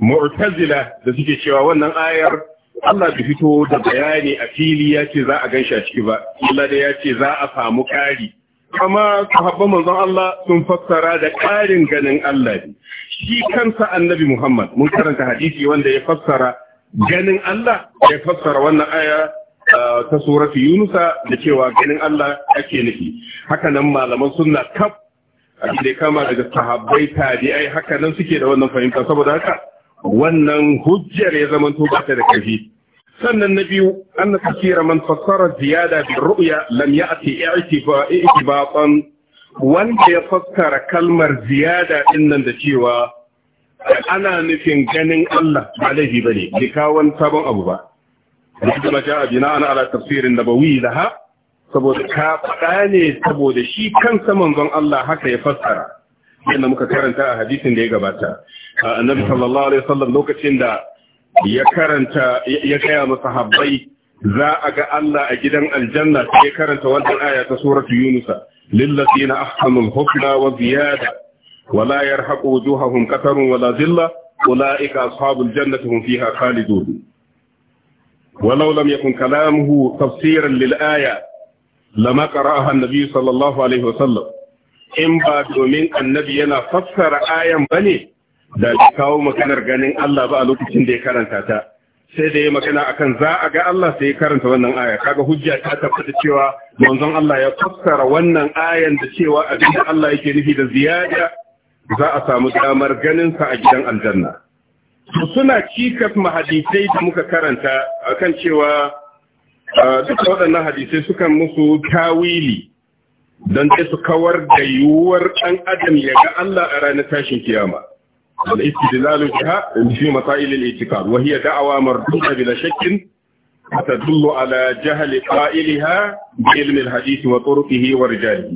mu'tazila da suke cewa wannan ayar Allah bai fito da bayani a fili ya ce za a ganshi a ciki ba Allah da ya ce za a samu ƙari amma sahabban manzon Allah sun fassara da ƙarin ganin Allah ne shi kansa annabi Muhammad mun karanta hadisi wanda ya fassara ganin Allah ya fassara wannan aya uh, ta suratu Yunusa da cewa ganin Allah ake nufi haka nan malaman sunna kaf da kama daga sahabbai tabi'ai haka nan suke da wannan fahimta saboda haka wannan hujjar ya zama to ba ta da kafi sannan na biyu an kasira man fassara ziyada bi ru'ya lam ya'ti i'tibatan wanda ya fassara kalmar ziyada din nan da cewa ana nufin ganin Allah ba laifi bane bi kawon sabon abu ba kuma ja abina ana ala tafsirin nabawi laha saboda ka faɗa ne saboda shi kansa manzon Allah haka ya fassara yadda muka karanta a hadisin da ya gabata annabi sallallahu alaihi wasallam lokacin da ya karanta ya kaya masa habbai za a ga Allah a gidan aljanna sai ya karanta wannan aya ta suratu yunusa للذين أحسنوا الحسنى وزيادة ولا يرهق وجوههم كثر ولا ذلة أولئك أصحاب الجنة هم فيها خالدون ولو لم يكن كلامه تفسيرا للآية لما قرأها النبي صلى الله عليه وسلم in ba domin annabi yana fassara ayan ba ne da kawo maganar ganin Allah ba a lokacin da ya karanta ta sai da ya magana akan za a ga Allah sai ya karanta wannan aya kaga hujja ta tabbata cewa manzon Allah ya fassara wannan ayan da cewa abinda Allah yake nufi da ziyada za a samu damar ganin sa a gidan aljanna To suna cikas mahadisai da muka karanta akan cewa duk waɗannan hadisai sukan musu tawili don dai su kawar da yiwuwar ɗan adam ya ga Allah a ranar tashin kiyama الاستدلال بها في مسائل الاعتقاد وهي دعوى مردودة بلا شك تدل على جهل قائلها بعلم الحديث وطرقه ورجاله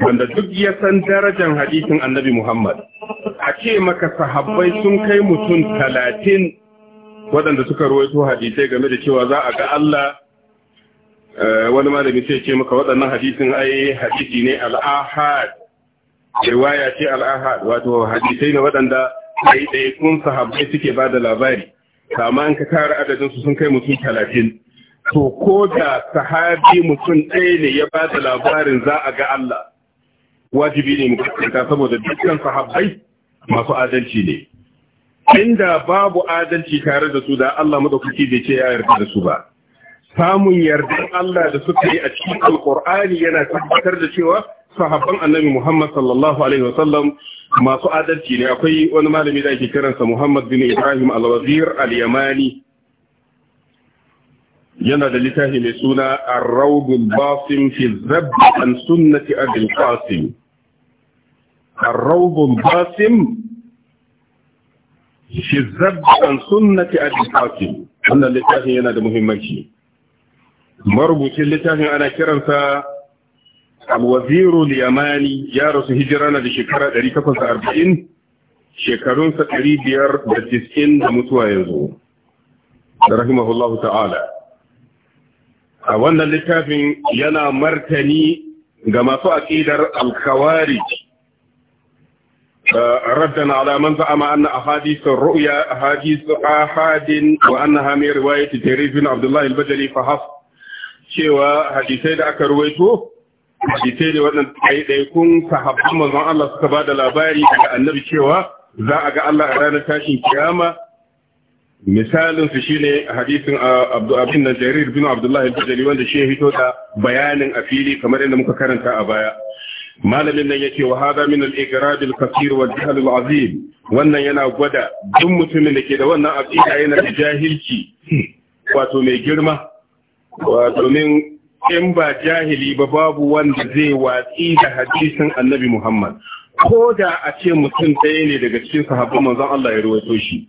wanda duk ya san darajar hadisin annabi Muhammad a ce maka sahabbai sun kai mutum talatin waɗanda suka rawaito hadisai game da cewa za a ga Allah wani malami sai ce maka waɗannan hadisin ai hadisi ne al riwaya ce al'ahad wato hadisai na waɗanda ɗaiɗaikun sahabbai suke ba da labari kama an ka tara adadin su sun kai mutum talatin to ko da sahabi mutum ɗaya ne ya ba da labarin za a ga Allah wajibi ne mu saboda dukkan sahabbai masu adalci ne inda babu adalci tare da su da Allah madaukaki bai ce ya yarda da su ba samun yardan Allah da suka yi a cikin alkur'ani yana tabbatar da cewa sahabban annabi Muhammad sallallahu alaihi wasallam masu adalci ne akwai wani malami da ake kiransa Muhammad bin Ibrahim al-Wazir al-Yamani yana da littafi mai suna Ar-Rawd al-Basim fi Zabb an Sunnati Abi Qasim Ar-Rawd al-Basim fi Zabb an Sunnati Abi Qasim wannan littafin yana da muhimmanci marubucin littafin ana kiransa الوزير اليماني جارس هجرانا لشكرة داري كفز أربعين شكرون سكري بير بتسكين دمتوائزو رحمه الله تعالى اللي لكافين ينا مرتني كما أكيد الخوارج ردا على من زعم أن أحاديث الرؤيا أحاديث آحاد وأنها من رواية جرير بن عبد الله البجلي فحسب شوى حديثين أكرويته hadisai ne dai ɗaikun sahabban manzon Allah suka ba da labari daga annabi cewa za a ga Allah a ranar tashin kiyama Misalinsu shi ne hadisin Abdu Abin Jarir bin Abdullah al-Bajali wanda shi ya hito da bayanin a fili kamar yadda muka karanta a baya malamin nan yake wa hada min al-iqrab al-kaseer wa al azim wannan yana gwada duk mutumin da ke da wannan aqida yana da jahilci wato mai girma wato min in ba jahili ba babu wanda zai watsi da hadisin annabi Muhammad ko da a ce mutum ɗaya ne daga cikin sahabban manzon Allah ya ruwaito shi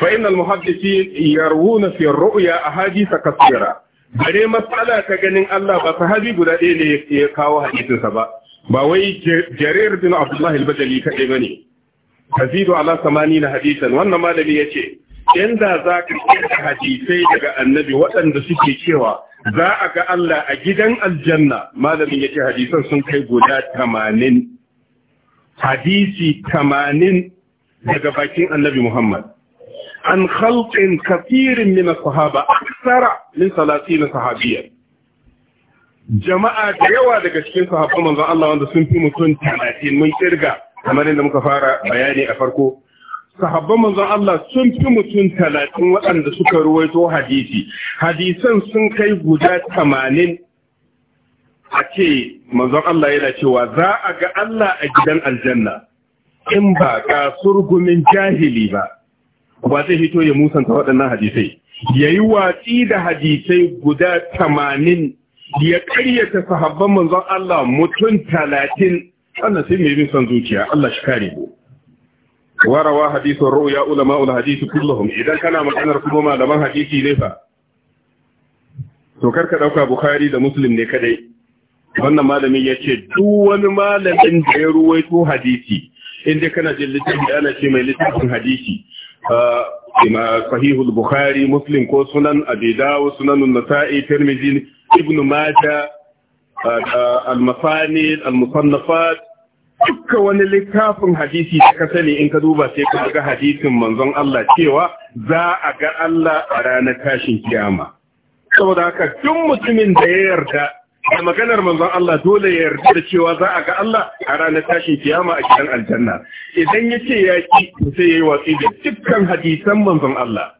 fa innal muhaddisin yarwuna fi ru'ya ahadith kathira bare matsala ta ganin Allah ba sahabi guda ɗaya ne ya kawo hadisinsa ba ba wai jarir bin Abdullah al-Badali ne. bane tazidu ala 80 hadisan wannan malami yace inda za ka hadisai daga annabi waɗanda suke cewa za a ga Allah a gidan aljanna malamin yake hadisan sun kai guda tamanin hadisi tamanin daga bakin annabi Muhammad an khalqin kafirin min sahaba aksara min salatin sahabiyya jama'a da yawa daga cikin sahabban manzon Allah wanda sun fi mutum 30 mun kirga kamar yadda muka fara bayani a farko sahabban manzon Allah sun fi mutum talatin waɗanda suka ruwaito hadisi hadisan sun kai guda tamanin a ce manzon Allah yana cewa za a ga Allah a gidan aljanna in ba ka surgumin jahili ba ba zai hito ya musanta waɗannan hadisai ya yi watsi da hadisai guda tamanin ya ƙaryata sahabban manzon Allah mutum talatin wannan sai mai bin son zuciya Allah shi kare mu warawa hadisin ru'ya ulama ul hadisi kulluhum idan kana maganar kuma malaman hadisi ne fa to karka dauka bukhari da muslim ne kadai wannan malamin yace duk wani malamin da ya ruwaito hadisi inda kana jin littafi ana ce mai littafin hadisi ima sahihul bukhari muslim ko sunan abi dawud sunan an-nasa'i tirmidhi ibn majah al mafani al-musannafat dukka wani littafin hadisi da ka sani in ka duba sai ka ga hadisin manzon Allah cewa za a ga Allah a ranar tashin kiyama saboda haka duk mutumin da ya yarda da maganar manzon Allah dole ya yarda da cewa za a ga Allah a ranar tashin kiyama a cikin aljanna idan ya ce ya ki sai ya yi watsi da dukkan hadisan manzon Allah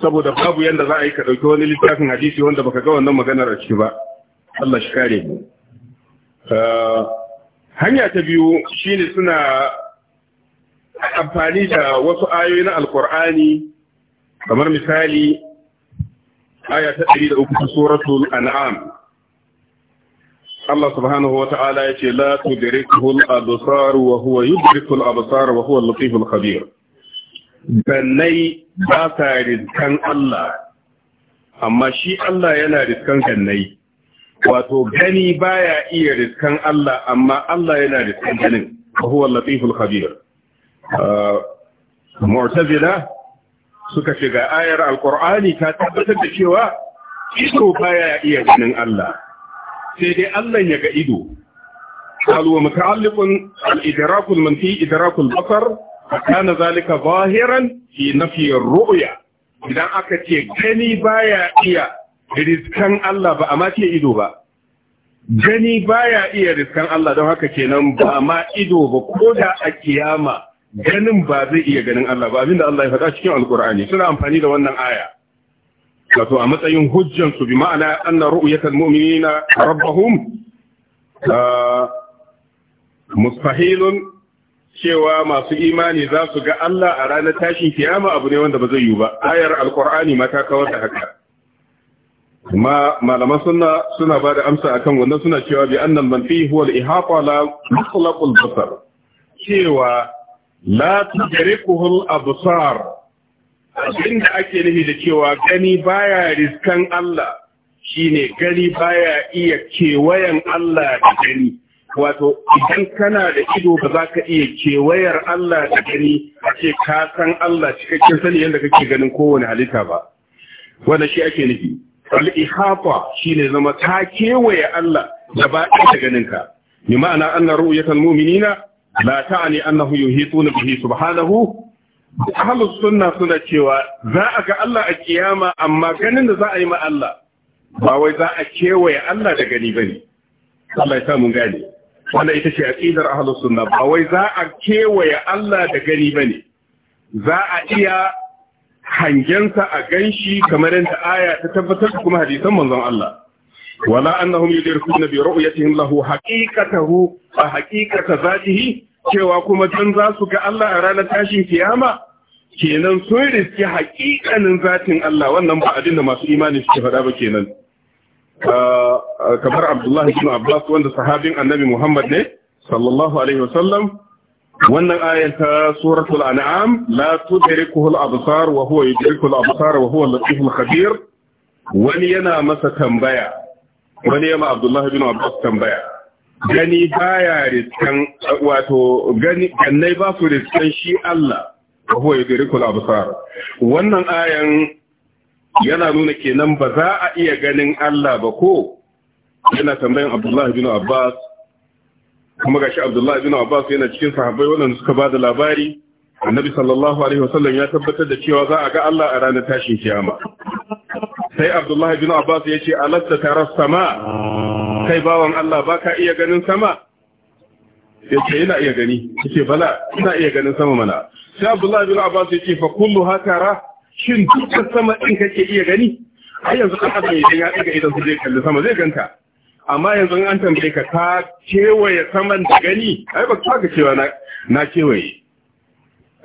saboda babu yadda za a yi ka ɗauki wani littafin hadisi wanda baka ga wannan maganar a ciki ba Allah shi kare mu ah, hanya ta biyu shine suna amfani da wasu ayoyi na alkur'ani kamar misali aya ta 103 suratul an'am Allah subhanahu wa ta'ala ya ce la tudrikuhu al-absar wa huwa yudriku al-absar wa huwa al-latif al-khabir gannai ba sa rizkan Allah amma shi Allah yana rizkan gannai wato gani baya iya riskan Allah amma Allah yana riskan ganin huwa latiful khabir uh, mu'tazila suka shiga ayar alqur'ani ta tabbatar da cewa ido baya iya ganin Allah sai dai Allah ya ga ido قالوا متعلق al المنفي إدراك Zalika, فكان ذلك ظاهرا في نفي Idan aka ce gani baya iya. riskan Allah ba amma ce ido ba gani baya iya riskan Allah don haka kenan ba ma ido ba ko da a kiyama ganin ba zai iya ganin Allah ba abinda Allah ya faɗa cikin alkur'ani suna amfani da wannan aya wato a matsayin hujjan su bi ma'ana anna ru'yatal mu'minina rabbahum ah, mustahilun cewa masu imani za su ga Allah a ranar tashin kiyama abu ne wanda ba zai yiwu ba ayar alkur'ani ma ta kawar da haka ma malaman sunna suna ba da amsa akan wannan suna cewa bi annal manfi huwa al-ihata la mutlaq al-basar cewa la tujriquhu al-absar abinda ake nufi da cewa gani baya riskan Allah shine gani baya iya kewayan Allah da gani wato idan kana da ido ba za ka iya kewayar Allah da gani a ce ka san Allah cikakken sani yadda kake ganin kowane halitta ba wanda shi ake nufi al shi ne zama ta kewaye Allah da ba ɗaya da ganinka bi ma'ana anna ru'yatal mu'minina la ta'ani annahu yuhituna bihi subhanahu ahlus sunna suna suna cewa za a ga Allah a kiyama amma ganin da za a yi ma Allah ba wai za a kewaye Allah da gani bane Allah ya samu gane wannan ita ce aqidar ahlus sunna ba wai za a kewaye Allah da gani bane za a iya hangensa a ganshi kamar yadda aya ta tabbatar kuma hadisan manzon Allah wala annahum yudrikuna bi ru'yatihim lahu haqiqatahu wa haqiqata zatihi cewa kuma dan za su ga Allah a ranar tashin kiyama kenan sun riski haƙiƙanin zatin Allah wannan ba abin da masu imani suke faɗa ba kenan ah, ah, kamar Abdullah ibn Abbas wanda sahabin Annabi Muhammad ne sallallahu alaihi wasallam wannan ayar ta suratul an'am la tudrikuhu al-absar wa huwa yudriku al-absar wa huwa al-latiful khabir wani yana masa tambaya wani yana Abdullahi bin Abbas tambaya gani baya riskan wato gani kannai ba su riskan shi Allah wa huwa yudriku al-absar wannan ayan yana nuna kenan ba za a iya ganin Allah ba ko yana tambayan Abdullahi bin Abbas kuma gashi Abdullahi ibn Abbas yana cikin sahabbai waɗanda suka bada labari Annabi sallallahu alaihi wasallam ya tabbatar da cewa za a ga Allah a ranar tashin kiyama sai Abdullahi ibn Abbas ya ce alatta tara sama kai bawan Allah baka iya ganin sama yace ina iya gani yace bala ina iya ganin sama mana sai Abdullahi ibn Abbas ya ce fa kullu hatara shin dukkan sama din kake iya gani ai yanzu kan adam idan ya daga idan su je kalli sama zai ganka amma yanzu an tambaye ka ka kewaye saman da gani ai ba ka cewa na na kewaye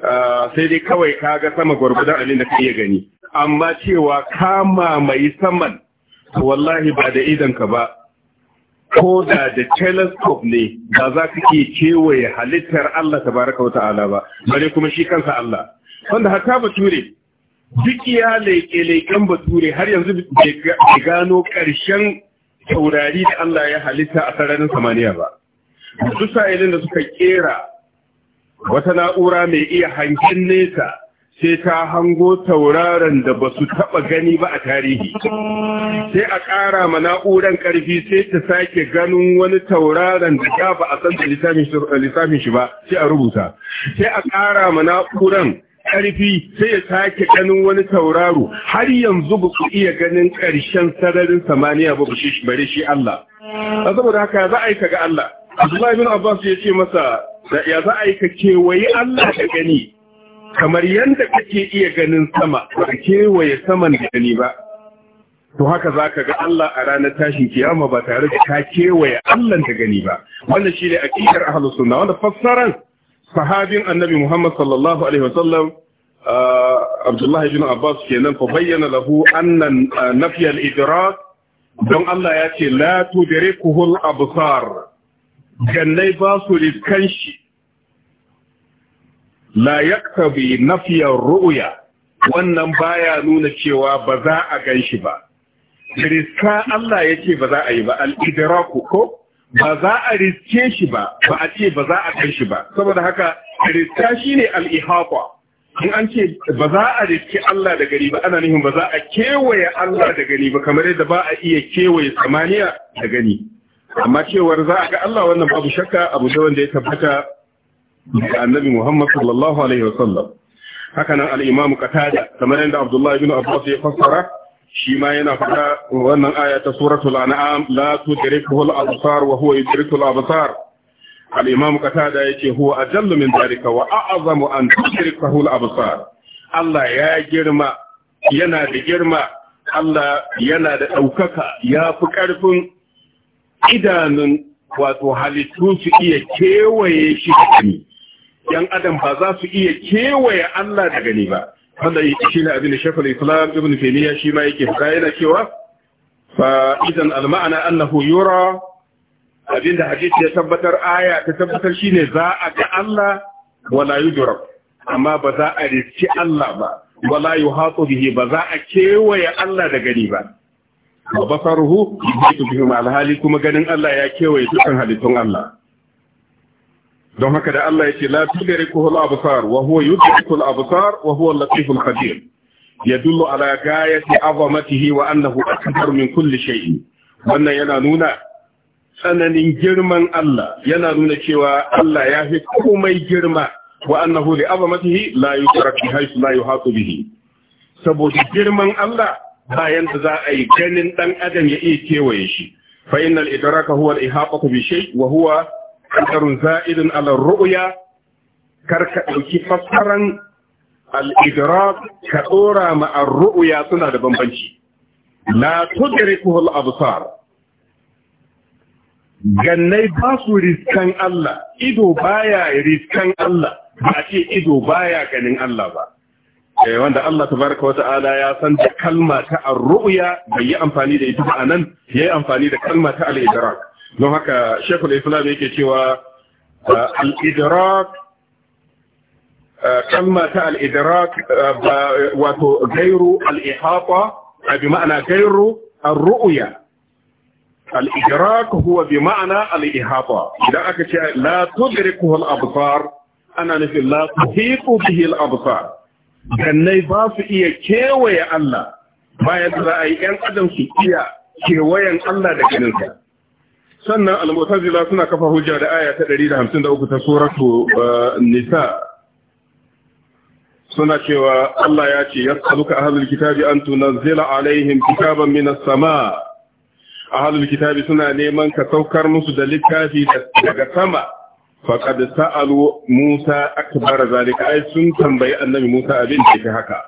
ah, sai dai kawai ka ga sama gwargwadon abin da ka iya gani amma cewa ka mamaye saman wallahi ba da ka ba ko da da telescope ne ba za ka ke kewaye halittar Allah tabaraka wa ta'ala ba bare kuma shi kansa Allah wanda hatta bature duk ya leƙe-leƙen bature har yanzu bai gano ƙarshen taurari da Allah ya halitta a sararin samaniya ba duk sa'ilin da suka kera wata na'ura mai iya hankin nesa sai ta hango tauraron da ba su taɓa gani ba a tarihi sai a ƙara ma na'uran ƙarfi sai ta sake ganin wani tauraron da ya ba a san da lissafin shi ba sai a rubuta sai a ƙara ma na'uran ƙarfi sai ya sake ganin wani tauraro har yanzu ba ku iya ganin ƙarshen sararin samaniya ba ba shi bare shi Allah A saboda haka za a yi ga Allah Abdullahi bin Abbas ya ce masa ya za a yi ka kewaye Allah da gani kamar yadda kake iya ganin sama ba kewaye saman da gani ba to haka za ka ga Allah a ranar tashin kiyama ba tare da ka kewaye Allah da gani ba wannan shi ne aƙidar ahlus na wanda fassaran sahabin annabi Muhammad sallallahu alaihi wasallam uh, Abdullahi bin Abbas kenan fa bayyana lahu annan uh, nafiyal idrak don Allah ya ce la tudrikuhul absar jannai ba su rikan shi la yaktabi nafiyar ru'ya wannan baya nuna cewa ba za a gan shi ba riska Allah ya ce ba za a yi ba al-idraku ko ba za a riske shi ba ba a ce ba za a kai shi ba saboda haka riska shi ne al'ihaqa in an ce ba za a riske Allah da gani ba ana nufin ba za a kewaye Allah da gani ba kamar yadda ba a iya kewaye samaniya da gani amma cewar za a ga Allah wannan babu shakka abu ta wanda ya tabbata ga annabi Muhammad sallallahu alaihi wasallam haka nan al-Imam Qatada kamar yadda Abdullah ibn Abbas ya fassara shi ma yana faɗa wannan aya ta suratul an'am la tudrikuhu absar wa huwa yudrikul absar al-imam qatada yace huwa ajallu min dalika wa a'zamu an tudrikahu al-absar Allah ya girma yana da girma Allah yana da ɗaukaka ya fi ƙarfin idanun wato halittu su iya kewaye shi da gani ‘yan adam ba za su iya kewaye Allah da gani ba wanda shi ne abin da shafar islam ibn taimiyya shi ma yake fuka yana cewa fa idan alma'ana Allah yura abin da hadisi ya tabbatar aya ta tabbatar shine za a ga Allah wala yujra amma ba za a riski Allah ba wala yuhatu bihi ba za a kewaye Allah da gani ba wa ya yi bihim alhali kuma ganin Allah ya kewaye dukkan halittun Allah don haka da Allah ya ce la tudrikuhu al-absar wa huwa yudriku al-absar wa huwa al-latif al-khabir yadullu ala ghayati azamatihi wa annahu akbar min kulli shay'in wannan yana nuna tsananin girman Allah yana nuna cewa Allah ya fi komai girma wa annahu li azamatihi la yudrak bi haythu la yuhatu bihi saboda girman Allah bayan da za a yi ganin dan adam ya iya kewaye shi fa innal idraka huwa al-ihaqatu bi shay wa huwa kadarun za'idun ala ru'ya kar ka ɗauki fassaran al-idrak ka ɗora ma ar-ru'ya suna da bambanci la tudrikuhu al-absar gannai ba su riskan Allah ido baya riskan Allah ba ce ido baya ganin Allah ba eh, wanda Allah tabaraka wata'ala ya san da kalma ta ar-ru'ya bai yi amfani da ita ba anan yayi amfani da kalma ta al-idrak don haka shekul islam yake cewa al-idrak kalma ta al-idrak wato gairu al-ihata bi ma'ana gairu ar-ru'ya al-idrak huwa bi ma'ana al-ihata idan aka ce la tudriku al-absar ana nufin la tuhiqu bihi al-absar kannai ba su iya kewaye Allah bayan da za a yi ‘yan adam su iya kewayen Allah da ganinsa. sannan al-mu'tazila suna kafa hujja da aya ta 153 ta suratu uh, nisa suna cewa Allah ya ce yasaluka ahlul kitabi an tunzila alaihim kitaban minas sama ahlul kitabi suna neman ka saukar musu da littafi daga sama faqad sa'alu Musa akbar zalika ai sun tambayi annabi Musa abin da haka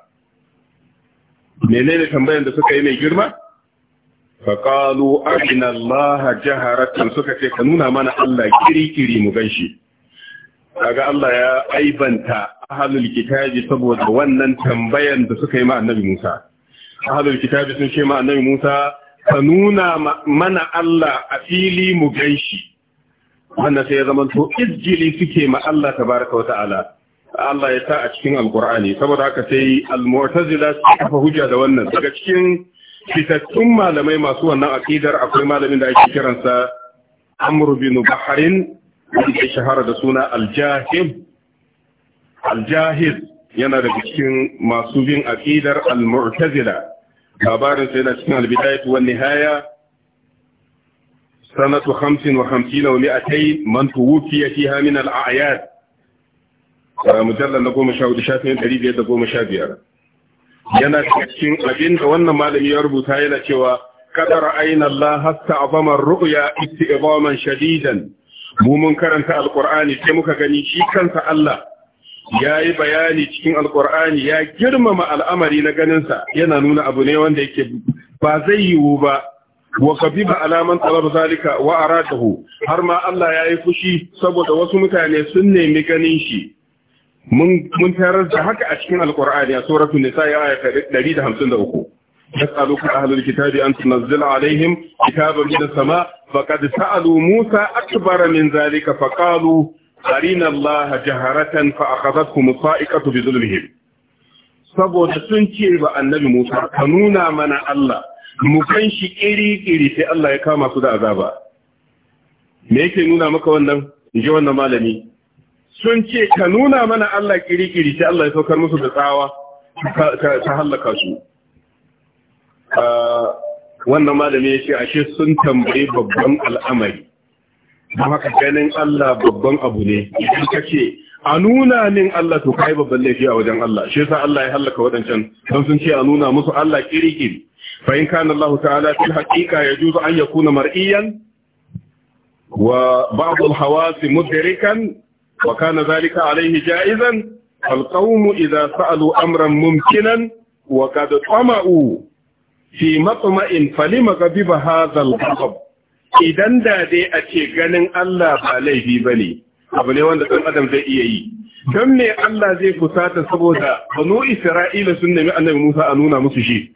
menene tambayan da suka yi mai girma faƙalu arina Allah jaharatan suka ce ka nuna mana Allah kiri-kiri mu ganshi kaga Allah ya aibanta ahlul kitabi saboda wannan tambayan da suka yi ma annabi Musa ahlul kitabi sun ce ma Musa ka nuna mana Allah a fili mu ganshi wannan sai ya zama to izjili suke ma Allah tabaraka wa ta'ala Allah ya sa a cikin Alƙur'ani saboda haka sai al-mu'tazila kafa hujja da wannan daga cikin fitattun malamai masu wannan aƙidar akwai malamin da ake kiransa Amr bin Bahrain wanda ya shahara da suna Al-Jahil Al-Jahil yana daga cikin masu bin aƙidar Al-Mu'tazila labarin sai yana cikin Al-Bidayah wa Nihaya sanatu 55 wa 200 man tuwfiya fiha min al-a'yad mujallal na 10 shafin 515 yana cikin abinda wannan malami ya rubuta yana cewa kadar aina Allah hasta abamar ru'ya isti'zaman shadidan mu mun karanta alqur'ani sai muka gani shi kansa Allah yayi bayani cikin alqur'ani ya girmama al'amari na ganinsa yana nuna abu ne wanda yake ba zai yiwu ba wa kabiba alaman talab zalika wa aradahu har ma Allah yayi fushi saboda wasu mutane sun nemi ganin shi mun tarar da haka a cikin alkur'ani a suratul nisa ya aya 153 yasaluka ahlul kitabi an tunzila alaihim kitaban min as-sama faqad sa'alu musa akbar min zalika faqalu arina allaha jaharatan fa akhadhatkum sa'iqatu bi dhulmihim saboda sun ce ba annabi musa ka nuna mana allah mu kan shi kiri kiri sai allah ya kama su da azaba me yake nuna maka wannan inji wannan malami sun ce ka nuna mana Allah kirikiri sai Allah ya saukar musu da tsawa ta hallaka su wannan malami ya ce ashe sun tambayi babban al'amari don haka ganin Allah babban abu ne idan ka ce a nuna min Allah to kai babban laifi a wajen Allah shi sa Allah ya halaka wadancan don sun ce a nuna musu Allah kirikiri fa in Allah ta'ala fil ya yajuzu an kuna mar'iyan wa ba'd al-hawas mudirikan. wa kana zalika alaihi jaizan alqawmu idza sa'alu amran mumkinan wa qad tama'u fi matma'in falima ghadiba hadha alghadab idan da dai a ce ganin Allah ba laifi ba ne. abu ne wanda ɗan adam zai iya yi don me Allah zai fusata saboda banu Isra'ila sun nemi annabi Musa a nuna musu shi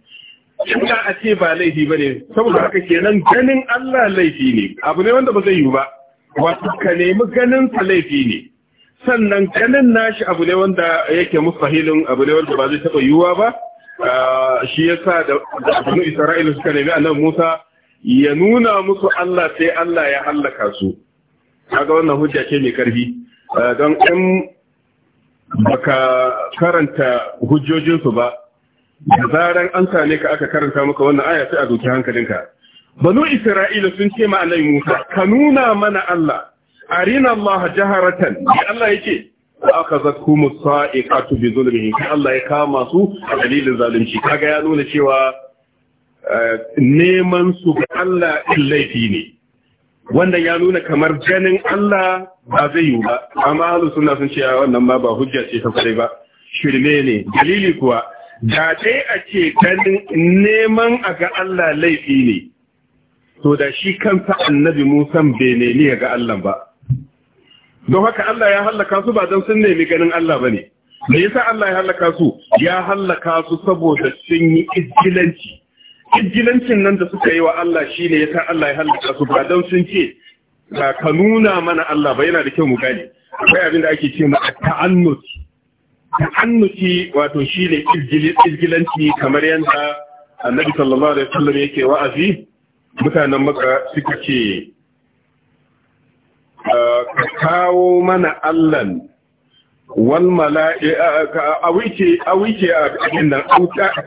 inda a ce ba laifi ba ne? saboda haka kenan ganin Allah laifi ne abu ne wanda ba zai yi ba Wasu ka nemi ganin sa laifi ne sannan kanin nashi abu ne wanda yake musahilin abu ne wanda ba zai taba yiwuwa ba ah, shi yasa da abinu isra'ila suka nemi annabi musa ya nuna musu allah sai allah ya hallaka su kaga wannan hujja ce mai karfi ah, don in baka karanta hujjojinsu ba da zaran an sane ka aka karanta maka wannan aya sai a zuci hankalinka banu isra'ila sun ce ma annabi musa ka nuna mana allah arina Allah jaharatan Allah yake akhazatkum as-sa'iqatu bi zulmihi Allah ya kama su a dalilin zalunci kaga ya nuna cewa neman su ga Allah laifi ne wannan ya nuna kamar ganin Allah ba zai yi ba amma halu suna sun ce wannan ma ba hujja ce ta kwarai ba shirme ne dalili kuwa da dai a ce ganin neman a ga Allah laifi ne to da shi kansa annabi musan bai ya ga Allah ba don haka Allah ya hallaka su ba don sun nemi ganin Allah ba ne me yasa Allah ya hallaka su ya hallaka su saboda sun yi izgilanci izgilancin nan da suka yi wa Allah shine yasa Allah ya hallaka su ba don sun ce ka nuna mana Allah ba yana da kyau mu gane akwai abin da ake ce ma ta'annuti ta'annuti wato shine izgilanci kamar yadda Annabi sallallahu alaihi wasallam yake wa'azi mutanen maka suka ce ka kawo mana allan wal mala'ika a wuce a wuce a cikin nan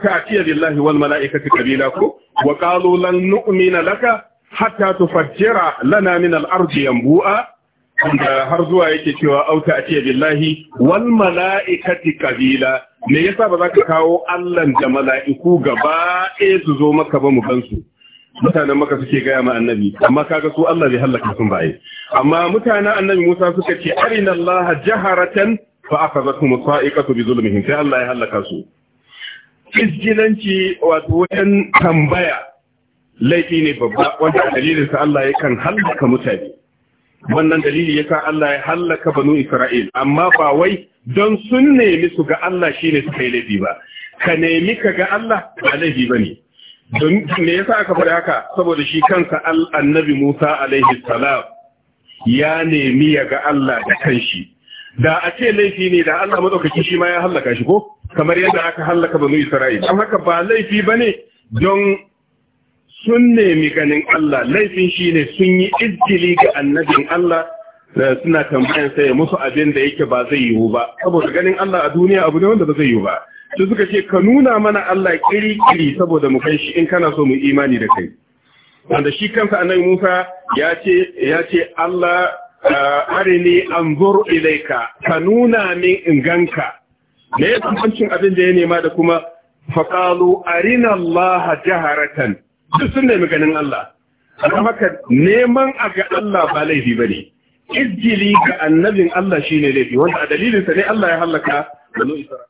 ka tiya lillahi wal mala'ikati kabila ko wa qalu lan nu'mina laka hatta tufajjira lana min al-ardi yanbu'a har zuwa yake cewa auta a ce lillahi wal mala'ikati kabila me yasa ba za ka kawo Allah da mala'iku gaba ɗaya su zo maka ba mu gansu mutanen maka suke gaya ma annabi amma kaga su Allah bai halaka sun baye amma mutanen annabi Musa suka ce arina Allah jaharatan fa akhadhatum sa'iqatu bi zulmihim sai Allah ya halaka su izgilanci wato wajen tambaya laifi ne babba wanda dalilin sa Allah yakan halaka mutane wannan dalili yasa Allah ya halaka banu Isra'il amma ba wai don sun nemi su ga Allah shine suka yi laifi ba ka nemi ka ga Allah ba laifi bane me yasa aka faɗi haka saboda shi kansa annabi Musa alaihi salam ya nemi ya ga Allah da kanshi da a ce laifi ne da Allah madaukaki shi ma ya halaka shi ko kamar yadda aka halaka banu Isra'il don haka ba laifi bane don sun nemi ganin Allah laifin shi ne sun yi izgili ga annabin Allah suna tambayan sai musu abin da yake ba zai yiwu ba saboda ganin Allah a duniya abu ne wanda ba zai yiwu ba su suka ce ka nuna mana Allah kiri-kiri saboda mu kai shi in kana so mu imani da kai wanda shi kansa annabi Musa ya ce ya ce Allah eh, arini anzur ilaika ka nuna min in ganka me ya abin da ya nema da kuma faqalu arina Allah jaharatan duk sun nemi ganin Allah amma haka neman a ga Allah ba laifi bane izgili ga annabin Allah shine laifi wanda a dalilinsa ne Allah ya halaka
banu Isra'ila